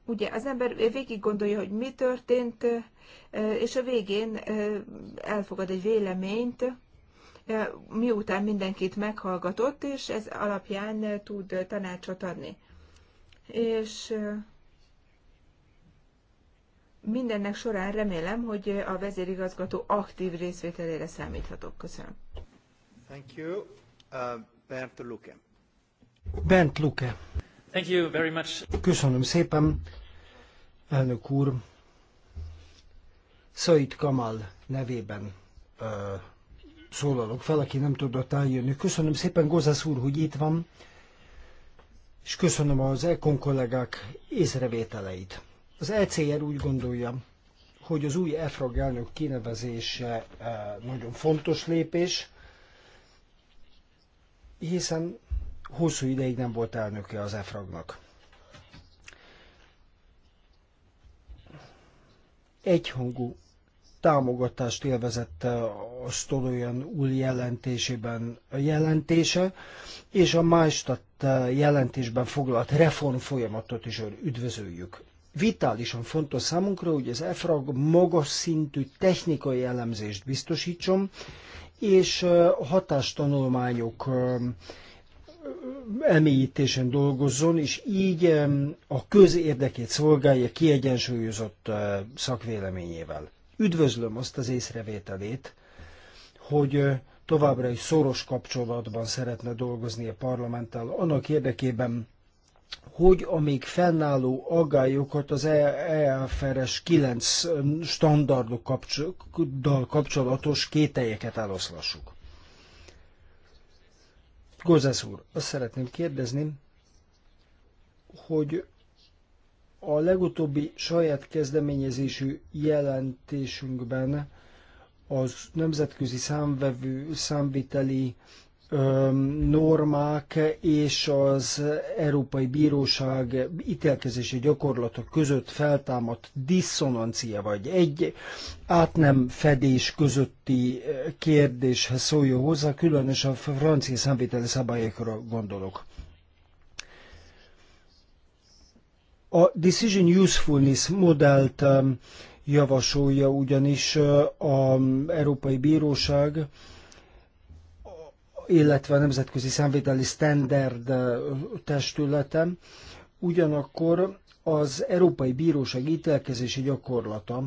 ugye az ember végig gondolja, hogy mi történt, és a végén elfogad egy véleményt, miután mindenkit meghallgatott, és ez alapján tud tanácsot adni és mindennek során remélem, hogy a vezérigazgató aktív részvételére számíthatok. Köszönöm. Thank you. Uh, Bernd Luke. Bent Luke. Thank you very much. Köszönöm szépen, elnök úr. Szait Kamal nevében uh, szólalok fel, aki nem tudott eljönni. Köszönöm szépen, Gozász úr, hogy itt van és köszönöm az ECON kollégák észrevételeit. Az ECR úgy gondolja, hogy az új EFRAG elnök kinevezése eh, nagyon fontos lépés, hiszen hosszú ideig nem volt elnöke az EFRAG-nak. Egyhangú támogatást élvezett eh, a Stolojan új jelentésében jelentése, és a Maistat eh, jelentésben foglalt reform folyamatot is üdvözöljük. Vitálisan fontos számunkra, hogy az EFRAG magas szintű technikai elemzést biztosítson, és eh, hatástanulmányok emélyítésen dolgozzon, és így a közérdekét szolgálja kiegyensúlyozott szakvéleményével. Üdvözlöm azt az észrevételét, hogy továbbra is szoros kapcsolatban szeretne dolgozni a parlamenttel, annak érdekében, hogy a még fennálló aggályokat az EFRS e 9 standardokkal kapcsolatos kételyeket eloszlassuk. Gózász úr, azt szeretném kérdezni, hogy a legutóbbi saját kezdeményezésű jelentésünkben az nemzetközi számvevő, számviteli normák és az Európai Bíróság ítélkezési gyakorlatok között feltámadt diszonancia vagy egy át nem fedés közötti kérdéshez szóljon hozzá, különösen a francia számviteli szabályokra gondolok. A Decision Usefulness modellt um, javasolja ugyanis uh, az Európai Bíróság, illetve a Nemzetközi Számvételi Standard uh, testülete. Ugyanakkor az Európai Bíróság ítélkezési gyakorlata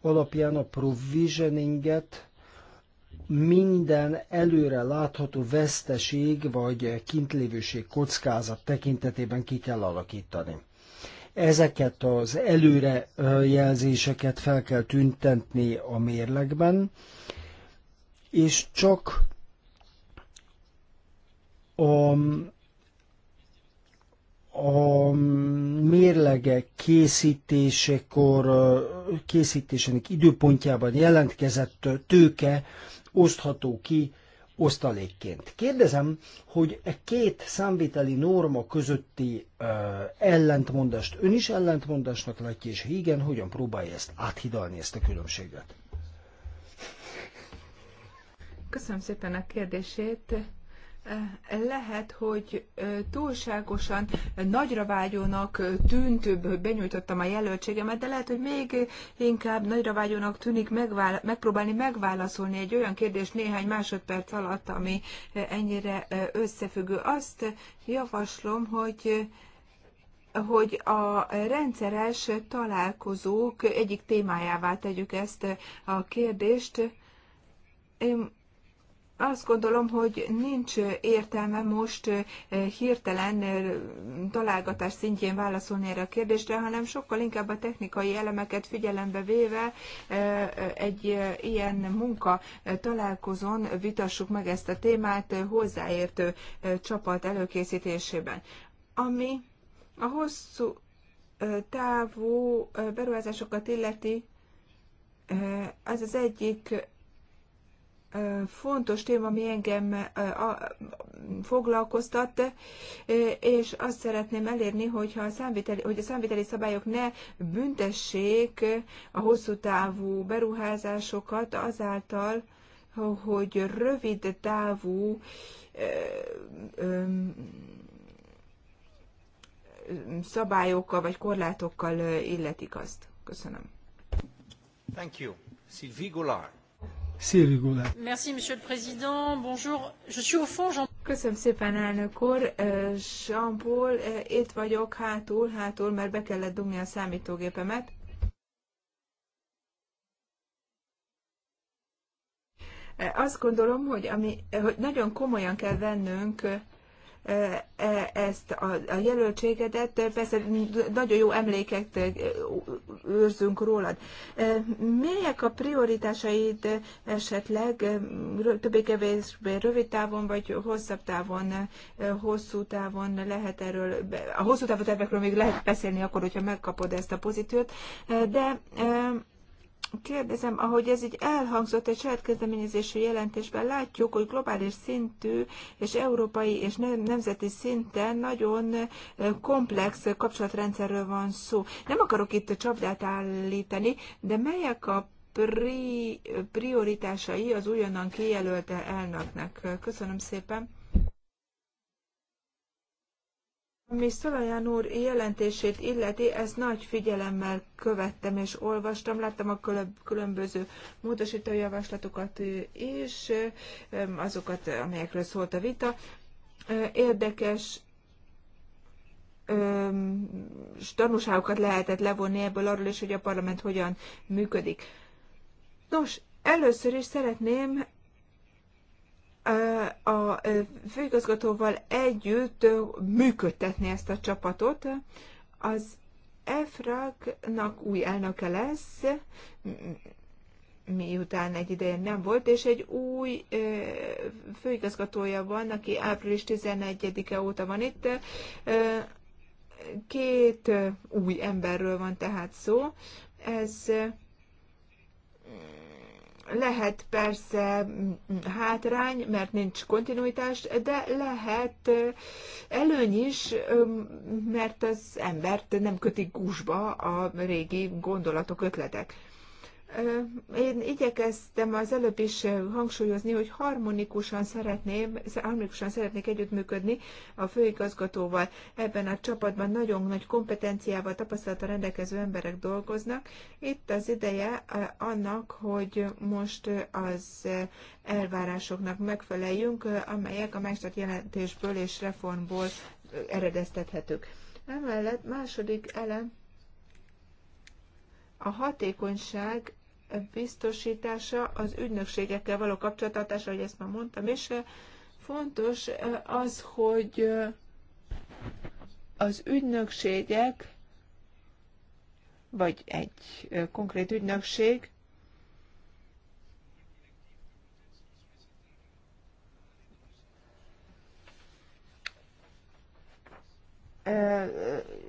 alapján a provisioninget minden előre látható veszteség vagy kintlévőség kockázat tekintetében ki kell alakítani. Ezeket az előrejelzéseket fel kell tüntetni a mérlegben, és csak a, a mérlege készítésekor, készítésének időpontjában jelentkezett tőke osztható ki osztalékként. Kérdezem, hogy e két számviteli norma közötti ö, ellentmondást ön is ellentmondásnak látja, és ha igen, hogyan próbálja ezt áthidalni, ezt a különbséget? Köszönöm szépen a kérdését lehet, hogy túlságosan nagyra vágyónak tűnt, benyújtottam a jelöltségemet, de lehet, hogy még inkább nagyra vágyónak tűnik megvála- megpróbálni megválaszolni egy olyan kérdést néhány másodperc alatt, ami ennyire összefüggő. Azt javaslom, hogy hogy a rendszeres találkozók egyik témájává tegyük ezt a kérdést. Én azt gondolom, hogy nincs értelme most eh, hirtelen eh, találgatás szintjén válaszolni erre a kérdésre, hanem sokkal inkább a technikai elemeket figyelembe véve eh, egy ilyen munka találkozón vitassuk meg ezt a témát hozzáértő csapat előkészítésében. Ami a hosszú távú beruházásokat illeti, ez az egyik fontos téma, ami engem foglalkoztat, és azt szeretném elérni, hogyha a számviteli, hogy a számviteli szabályok ne büntessék a hosszú távú beruházásokat azáltal, hogy rövid távú szabályokkal vagy korlátokkal illetik azt. Köszönöm. Thank you. Sylvie Goulart. Szilvi Goulard. Merci, monsieur le président. Bonjour. Je suis au fond, Jean... Köszönöm szépen, elnök úr. Jean-Paul, itt vagyok hátul, hátul, mert be kellett dugni a számítógépemet. Azt gondolom, hogy, ami, hogy nagyon komolyan kell vennünk E, ezt a, a jelöltségedet, persze nagyon jó emlékeket e, őrzünk rólad. E, melyek a prioritásaid esetleg többé-kevésbé rövid távon, vagy hosszabb távon, hosszú távon lehet erről, a hosszú távú tervekről még lehet beszélni akkor, hogyha megkapod ezt a pozitőt, de Kérdezem, ahogy ez így elhangzott egy saját kezdeményezésű jelentésben, látjuk, hogy globális szintű és európai és nemzeti szinten nagyon eh, komplex kapcsolatrendszerről van szó. Nem akarok itt csapdát állítani, de melyek a pri, prioritásai az újonnan kijelölte elnöknek? Köszönöm szépen. Ami Szolaján úr jelentését illeti, ezt nagy figyelemmel követtem és olvastam, láttam a különböző módosító javaslatokat és azokat, amelyekről szólt a vita. Érdekes tanúságokat lehetett levonni ebből arról is, hogy a parlament hogyan működik. Nos, először is szeretném a főigazgatóval együtt működtetni ezt a csapatot. Az EFRAG-nak új elnöke lesz, miután egy ideje nem volt, és egy új főigazgatója van, aki április 11-e óta van itt. két új emberről van tehát szó. Ez lehet persze mm, mm, hátrány, mert nincs kontinuitás, de lehet előny is, mert az embert nem kötik gúzsba a régi gondolatok, ötletek. Én igyekeztem az előbb is hangsúlyozni, hogy harmonikusan szeretném, harmonikusan szeretnék együttműködni a főigazgatóval. Ebben a csapatban nagyon nagy kompetenciával, tapasztalata rendelkező emberek dolgoznak. Itt az ideje annak, hogy most az elvárásoknak megfeleljünk, amelyek a Mestert jelentésből és reformból eredeztethetők. Emellett második elem, a hatékonyság biztosítása az ügynökségekkel való kapcsolatartása, hogy ezt már mondtam, és fontos az, hogy az ügynökségek, vagy egy konkrét ügynökség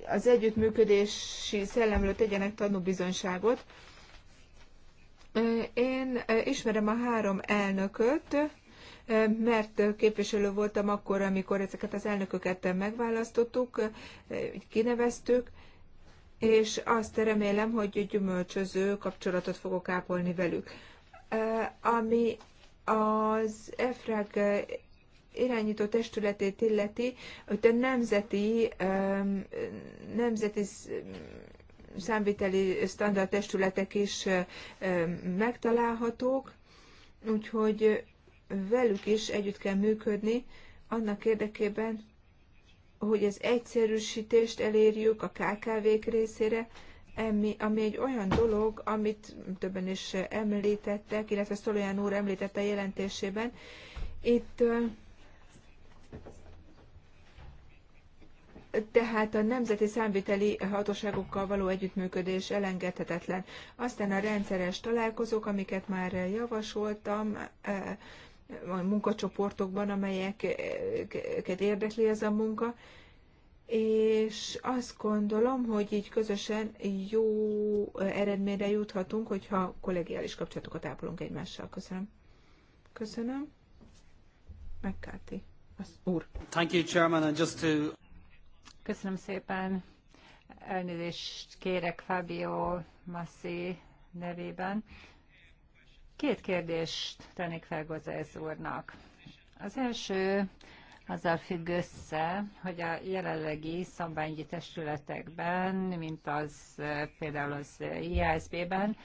az együttműködési szellemről tegyenek tanúbizonyságot. Én ismerem a három elnököt, mert képviselő voltam akkor, amikor ezeket az elnököket megválasztottuk, kineveztük, és azt remélem, hogy gyümölcsöző kapcsolatot fogok ápolni velük. Ami az EFRAG irányító testületét illeti, hogy a nemzeti, nemzeti számviteli standard testületek is megtalálhatók, úgyhogy velük is együtt kell működni annak érdekében, hogy az egyszerűsítést elérjük a KKV-k részére, ami, ami egy olyan dolog, amit többen is említettek, illetve Szoloján úr említette a jelentésében. Itt tehát a nemzeti számviteli hatóságokkal való együttműködés elengedhetetlen. Aztán a rendszeres találkozók, amiket már javasoltam, eh, a munkacsoportokban, amelyeket érdekli ez a munka, és azt gondolom, hogy így közösen jó eredményre juthatunk, hogyha kollegiális kapcsolatokat ápolunk egymással. Köszönöm. Köszönöm. Megkáti. Az úr. Thank you, Chairman, and just to... Köszönöm szépen. Elnézést kérek Fabio Massi nevében. Két kérdést tennék fel Gozaez úrnak. Az első azzal függ össze, hogy a jelenlegi szabványi testületekben, mint az például az IASB-ben,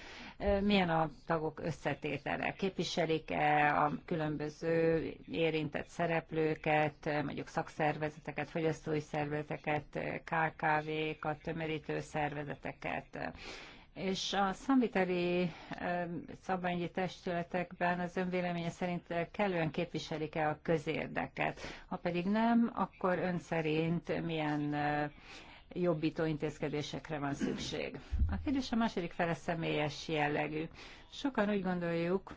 milyen a tagok összetétele? Képviselik-e a különböző érintett szereplőket, mondjuk szakszervezeteket, fogyasztói szervezeteket, KKV-kat, tömörítő szervezeteket? és a számviteli szabványi testületekben az ön véleménye szerint kellően képviselik-e a közérdeket? Ha pedig nem, akkor ön szerint milyen jobbító intézkedésekre van szükség? A kérdés a második fele személyes jellegű. Sokan úgy gondoljuk,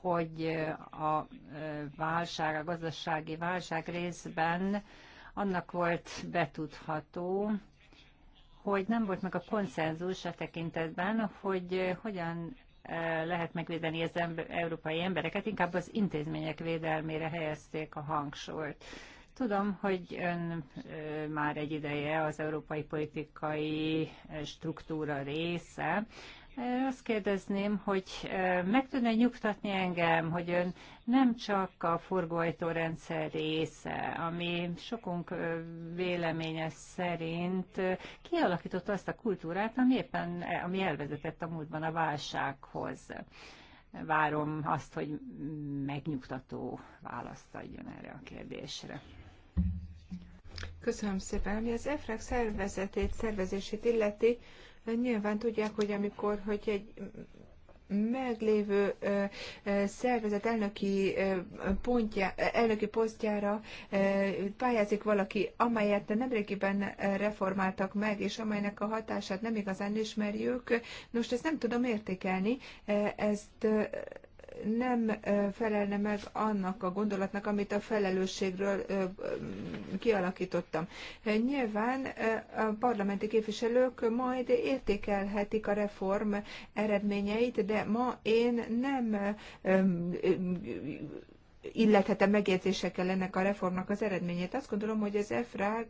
hogy a válság, a gazdasági válság részben annak volt betudható, hogy nem volt meg a konszenzus a tekintetben, hogy eh, hogyan eh, lehet megvédeni az ember, európai embereket, inkább az intézmények védelmére helyezték a hangsúlyt. Tudom, hogy ön eh, már egy ideje az európai politikai struktúra része, azt kérdezném, hogy meg tudna nyugtatni engem, hogy ön nem csak a forgóajtórendszer része, ami sokunk véleménye szerint kialakította azt a kultúrát, ami éppen e, ami elvezetett a múltban a válsághoz. Várom azt, hogy megnyugtató választ adjon erre a kérdésre. Köszönöm szépen. Ami az EFRAG szervezetét, szervezését illeti, nyilván tudják, hogy amikor hogy egy meglévő szervezet elnöki, pontja, elnöki posztjára pályázik valaki, amelyet nemrégiben reformáltak meg, és amelynek a hatását nem igazán ismerjük. Most ezt nem tudom értékelni, ezt nem felelne meg annak a gondolatnak, amit a felelősségről kialakítottam. Nyilván a parlamenti képviselők majd értékelhetik a reform eredményeit, de ma én nem illethetem megjegyzésekkel ennek a reformnak az eredményét. Azt gondolom, hogy az EFRAG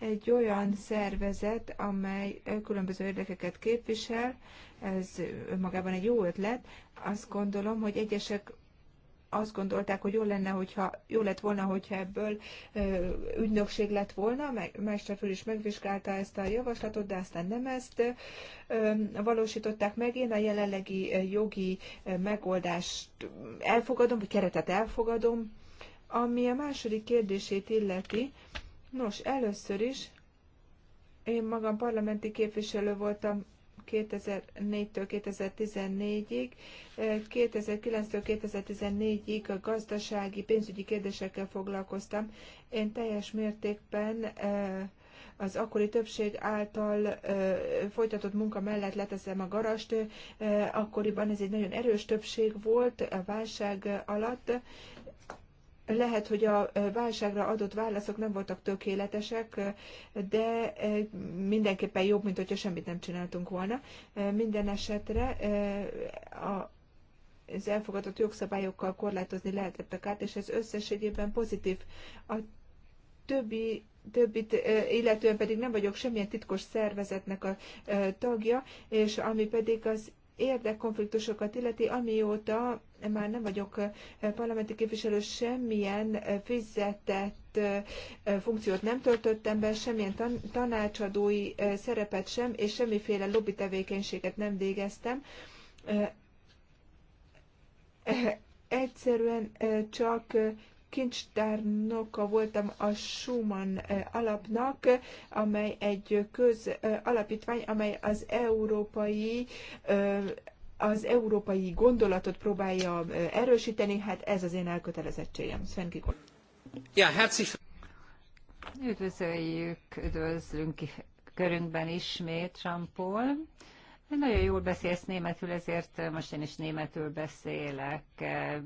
egy olyan szervezet, amely különböző érdekeket képvisel, ez önmagában egy jó ötlet. Azt gondolom, hogy egyesek azt gondolták, hogy jó lenne, hogyha jó lett volna, hogyha ebből ö, ügynökség lett volna, meg Mester úr is megvizsgálta ezt a javaslatot, de aztán nem ezt ö, valósították meg. Én a jelenlegi jogi megoldást elfogadom, vagy keretet elfogadom. Ami a második kérdését illeti, nos, először is én magam parlamenti képviselő voltam 2004-től 2014-ig, 2009-től 2014-ig a gazdasági, pénzügyi kérdésekkel foglalkoztam. Én teljes mértékben eh, az akkori többség által eh, folytatott munka mellett leteszem a garast. Eh, akkoriban ez egy nagyon erős többség volt a válság alatt, lehet, hogy a válságra adott válaszok nem voltak tökéletesek, de mindenképpen jobb, mint hogyha semmit nem csináltunk volna. Minden esetre eh, a az elfogadott jogszabályokkal korlátozni lehetett a kárt, és ez összességében pozitív. A többi többit eh, illetően pedig nem vagyok semmilyen titkos szervezetnek a eh, tagja, és ami pedig az érdekkonfliktusokat illeti, amióta már nem vagyok parlamenti képviselő, semmilyen fizetett funkciót nem töltöttem be, semmilyen tanácsadói szerepet sem, és semmiféle lobby tevékenységet nem végeztem. Egyszerűen csak kincstárnoka voltam a Schumann alapnak, amely egy közalapítvány, amely az európai az európai gondolatot próbálja erősíteni, hát ez az én elkötelezettségem. Sven Kikor. Ja, herzlich. Üdvözöljük, üdvözlünk körünkben ismét, Jean-Paul. Nagyon jól beszélsz németül, ezért most én is németül beszélek.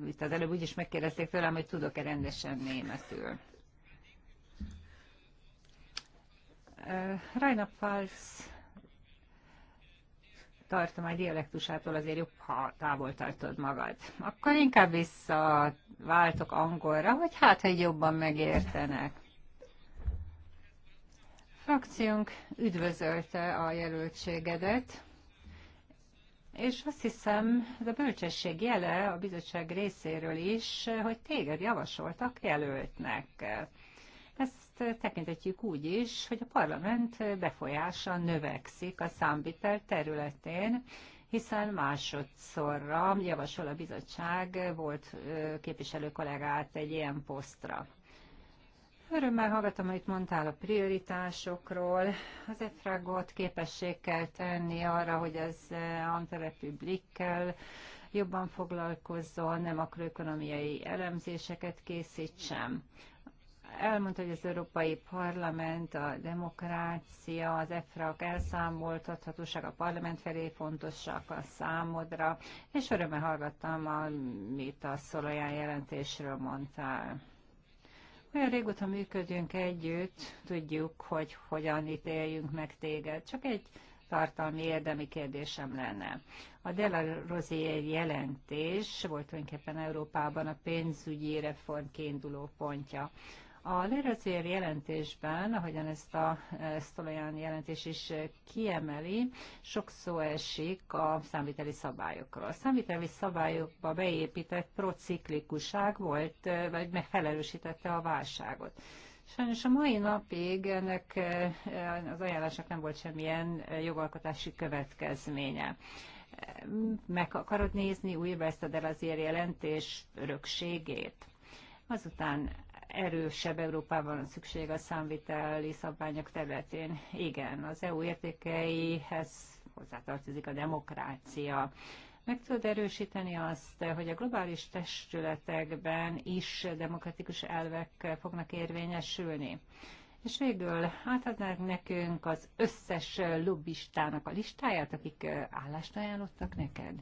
Itt az előbb is megkérdezték tőlem, hogy tudok-e rendesen németül. Rainer Pfalz tartomány dialektusától azért jobb, ha távol tartod magad. Akkor inkább visszaváltok angolra, hogy hát, hogy jobban megértenek. Frakciónk üdvözölte a jelöltségedet, és azt hiszem, ez a bölcsesség jele a bizottság részéről is, hogy téged javasoltak jelöltnek. Ezt tekintetjük úgy is, hogy a parlament befolyása növekszik a számvitel területén, hiszen másodszorra javasol a bizottság volt képviselő kollégát egy ilyen posztra. Örömmel hallgatom, amit mondtál a prioritásokról. Az EFRAGot képesség kell tenni arra, hogy az Antarepublikkel jobban foglalkozzon, nem makroökonomiai elemzéseket készítsem elmondta, hogy az Európai Parlament, a demokrácia, az EFRAK elszámoltathatóság a parlament felé fontosak a számodra, és örömmel hallgattam, amit a Szolaján jelentésről mondtál. Olyan régóta működünk együtt, tudjuk, hogy hogyan ítéljünk meg téged. Csak egy tartalmi érdemi kérdésem lenne. A Della jelentés volt tulajdonképpen Európában a pénzügyi reform kiinduló pontja. A Lerezér jelentésben, ahogyan ezt a Stolajan jelentés is kiemeli, sok szó esik a számviteli szabályokról. A számviteli szabályokba beépített prociklikuság volt, vagy megfelelősítette a válságot. Sajnos a mai napig ennek az ajánlásnak nem volt semmilyen jogalkotási következménye meg akarod nézni újra ezt a Delazier jelentés örökségét. Azután erősebb Európában szükség a számviteli szabványok területén. Igen, az EU értékeihez hozzátartozik a demokrácia. Meg tudod erősíteni azt, hogy a globális testületekben is demokratikus elvek fognak érvényesülni? És végül átadnák nekünk az összes lobbistának a listáját, akik állást ajánlottak neked?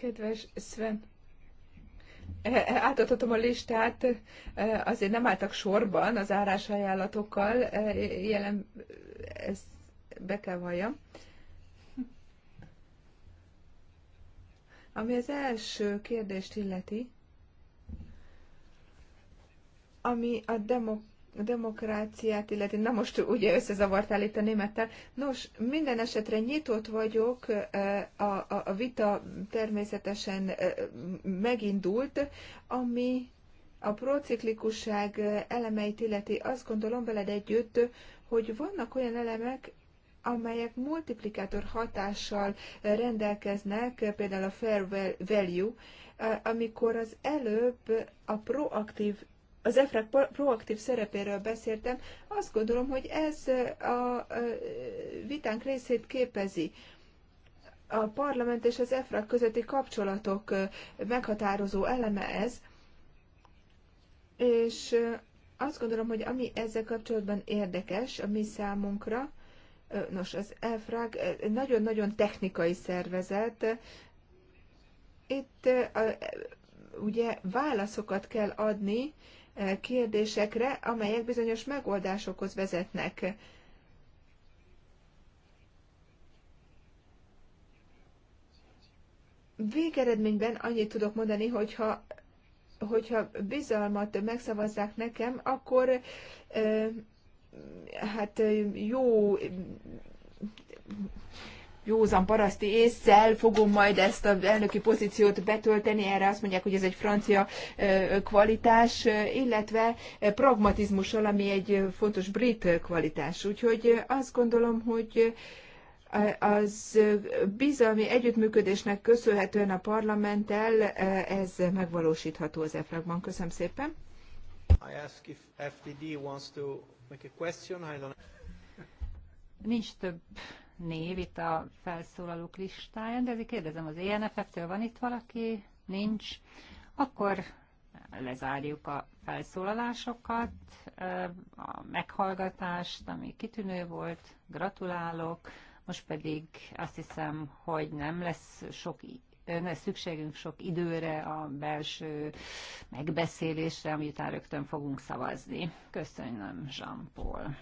Kedves Sven, e, e, átadhatom a listát, e, azért nem álltak sorban az árásajánlatokkal, jelen ezt be kell valljam. Ami az első kérdést illeti, ami a demok demokráciát illeti, na most ugye összezavartál itt a némettel. Nos, minden esetre nyitott vagyok, a, a, a vita természetesen megindult, ami a prociklikusság elemeit illeti, azt gondolom veled együtt, hogy vannak olyan elemek, amelyek multiplikátor hatással rendelkeznek, például a fair value, amikor az előbb a proaktív az EFRAG proaktív szerepéről beszéltem, azt gondolom, hogy ez a vitánk részét képezi a parlament és az EFRA közötti kapcsolatok meghatározó eleme ez, és azt gondolom, hogy ami ezzel kapcsolatban érdekes a mi számunkra, nos, az EFRAG nagyon-nagyon technikai szervezet, itt ugye válaszokat kell adni kérdésekre, amelyek bizonyos megoldásokhoz vezetnek. Végeredményben annyit tudok mondani, hogyha hogyha bizalmat megszavazzák nekem, akkor hát jó józan paraszti észszel fogom majd ezt a elnöki pozíciót betölteni, erre azt mondják, hogy ez egy francia kvalitás, illetve pragmatizmussal, ami egy fontos brit kvalitás. Úgyhogy azt gondolom, hogy az bizalmi együttműködésnek köszönhetően a parlamenttel ez megvalósítható az EFRAG-ban. Köszönöm szépen. I ask if FDD wants to make a question. I don't... Nincs több név itt a felszólalók listáján, de azért kérdezem, az ENFF-től van itt valaki? Nincs. Akkor lezárjuk a felszólalásokat, a meghallgatást, ami kitűnő volt, gratulálok. Most pedig azt hiszem, hogy nem lesz sok ne szükségünk sok időre a belső megbeszélésre, amit rögtön fogunk szavazni. Köszönöm, Jean-Paul.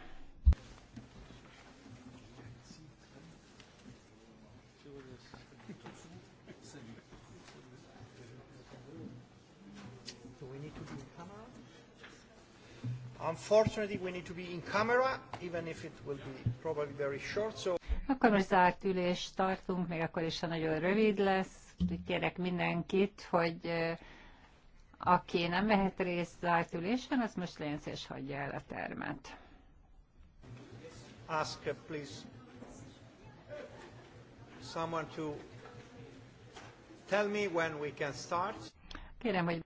Unfortunately, we need to be in camera, even if it will be probably very short, so... Akkor most zárt ülés tartunk, még akkor is, ha nagyon rövid lesz. Kérek mindenkit, hogy aki nem vehet részt zárt ülésen, az most legyen és hagyja el a termet. Ask, uh, please, someone to tell me when we can start. Kérem, hogy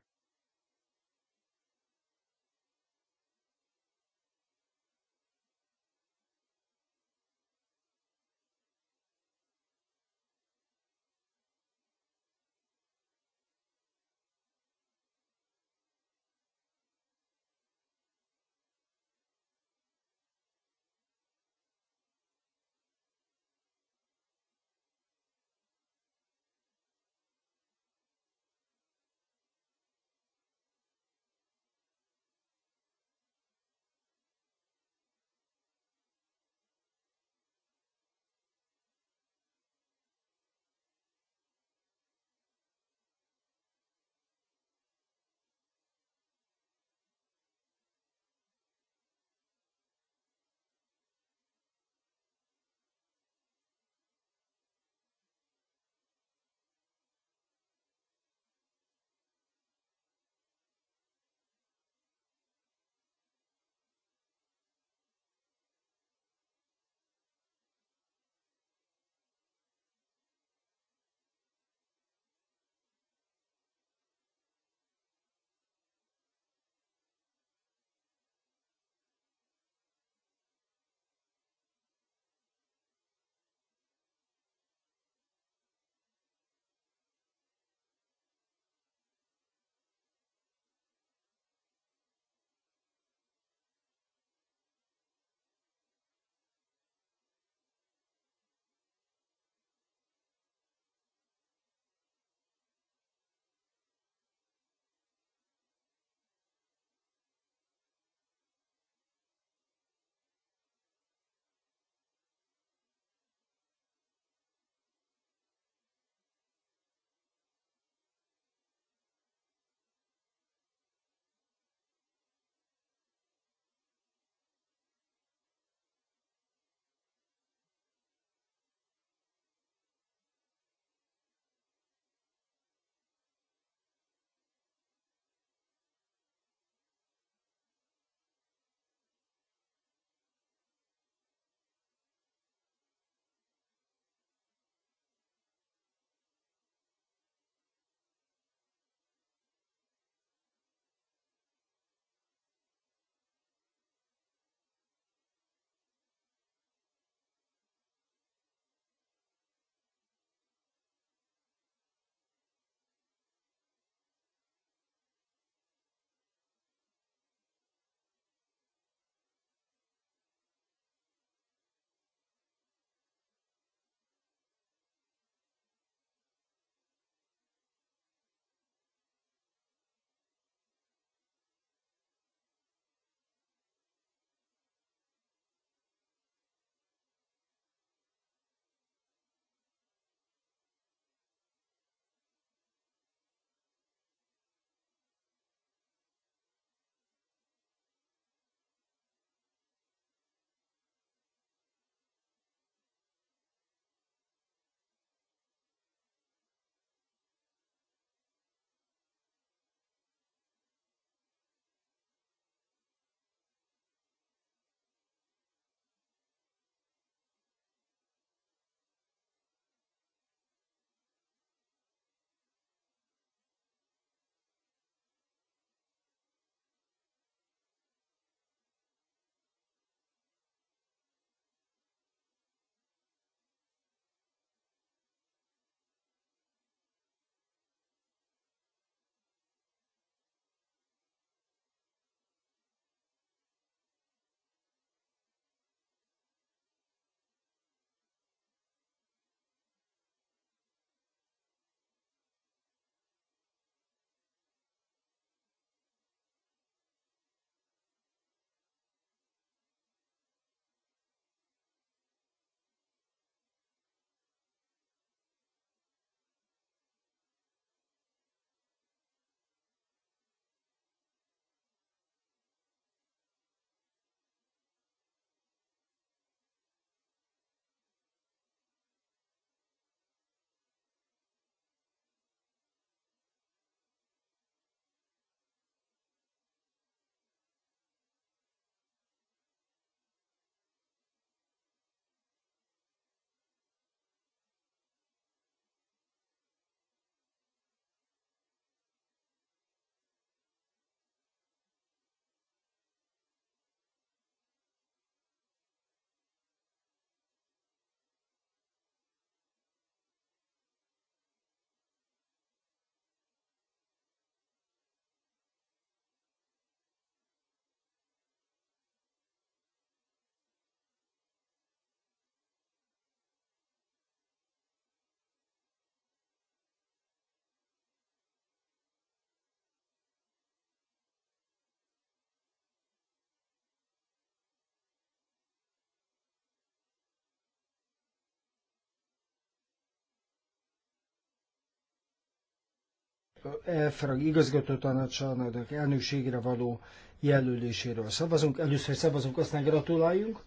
EFRAG igazgató tanácsának elnökségre való jelöléséről szavazunk. Először szavazunk, aztán gratuláljunk.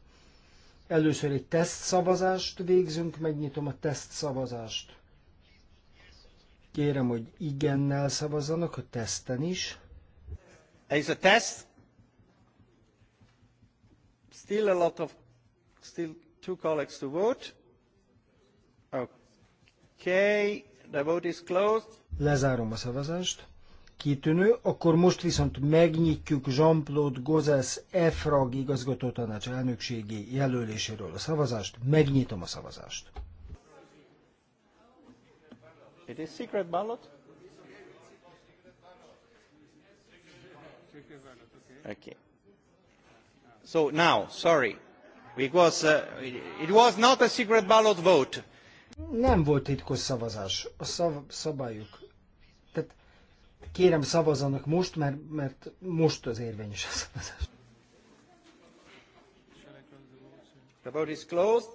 Először egy teszt szavazást végzünk, megnyitom a teszt szavazást. Kérem, hogy igennel szavazzanak a teszten is. Ez a teszt. Still a lot of, still two colleagues to vote. Okay. The vote is closed. Lezárom a szavazást. Kitűnő. Akkor most viszont megnyitjuk Jean-Claude Gozes EFRAG igazgatótanács elnökségi jelöléséről a szavazást. Megnyitom a szavazást. It is secret ballot? Okay. So now, sorry, because uh, it was not a secret ballot vote. Nem volt titkos szavazás. A szav- szabályok. Tehát kérem szavazanak most, mert, mert most az érvényes a szavazás. The vote is closed.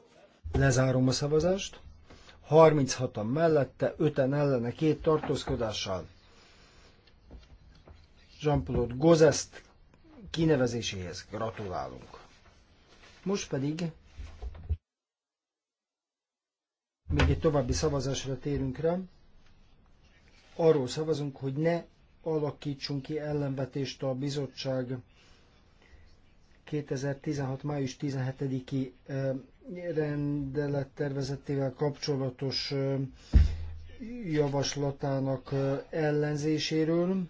Lezárom a szavazást. 36-an mellette, 5-en ellene, két tartózkodással. Jean-Claude Gozest kinevezéséhez gratulálunk. Most pedig még egy további szavazásra térünk rá. Arról szavazunk, hogy ne alakítsunk ki ellenvetést a bizottság 2016. május 17-i rendelettervezetével kapcsolatos javaslatának ellenzéséről.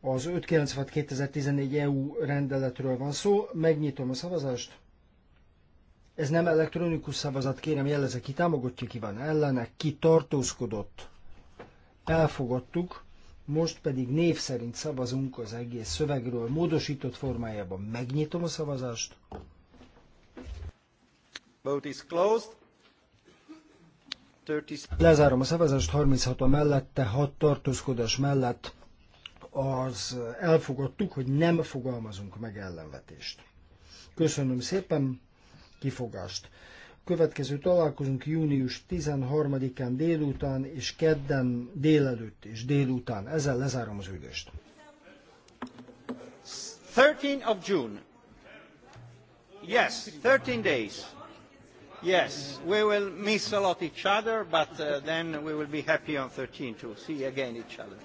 Az 596-2014 EU rendeletről van szó. Megnyitom a szavazást. Ez nem elektronikus szavazat, kérem jelezze, ki támogatja, ki van ellene, ki tartózkodott. Elfogadtuk, most pedig név szerint szavazunk az egész szövegről, módosított formájában. Megnyitom a szavazást. Vote is closed. 30... Lezárom a szavazást 36 a mellette, 6 tartózkodás mellett az elfogadtuk, hogy nem fogalmazunk meg ellenvetést. Köszönöm szépen, kifogást. Következő találkozunk június 13-án délután és kedden délelőtt és délután. Ezzel lezárom az ülést. 13 of June. Yes, 13 days. Yes, we will miss a lot each other, but uh, then we will be happy on 13 to see again each other.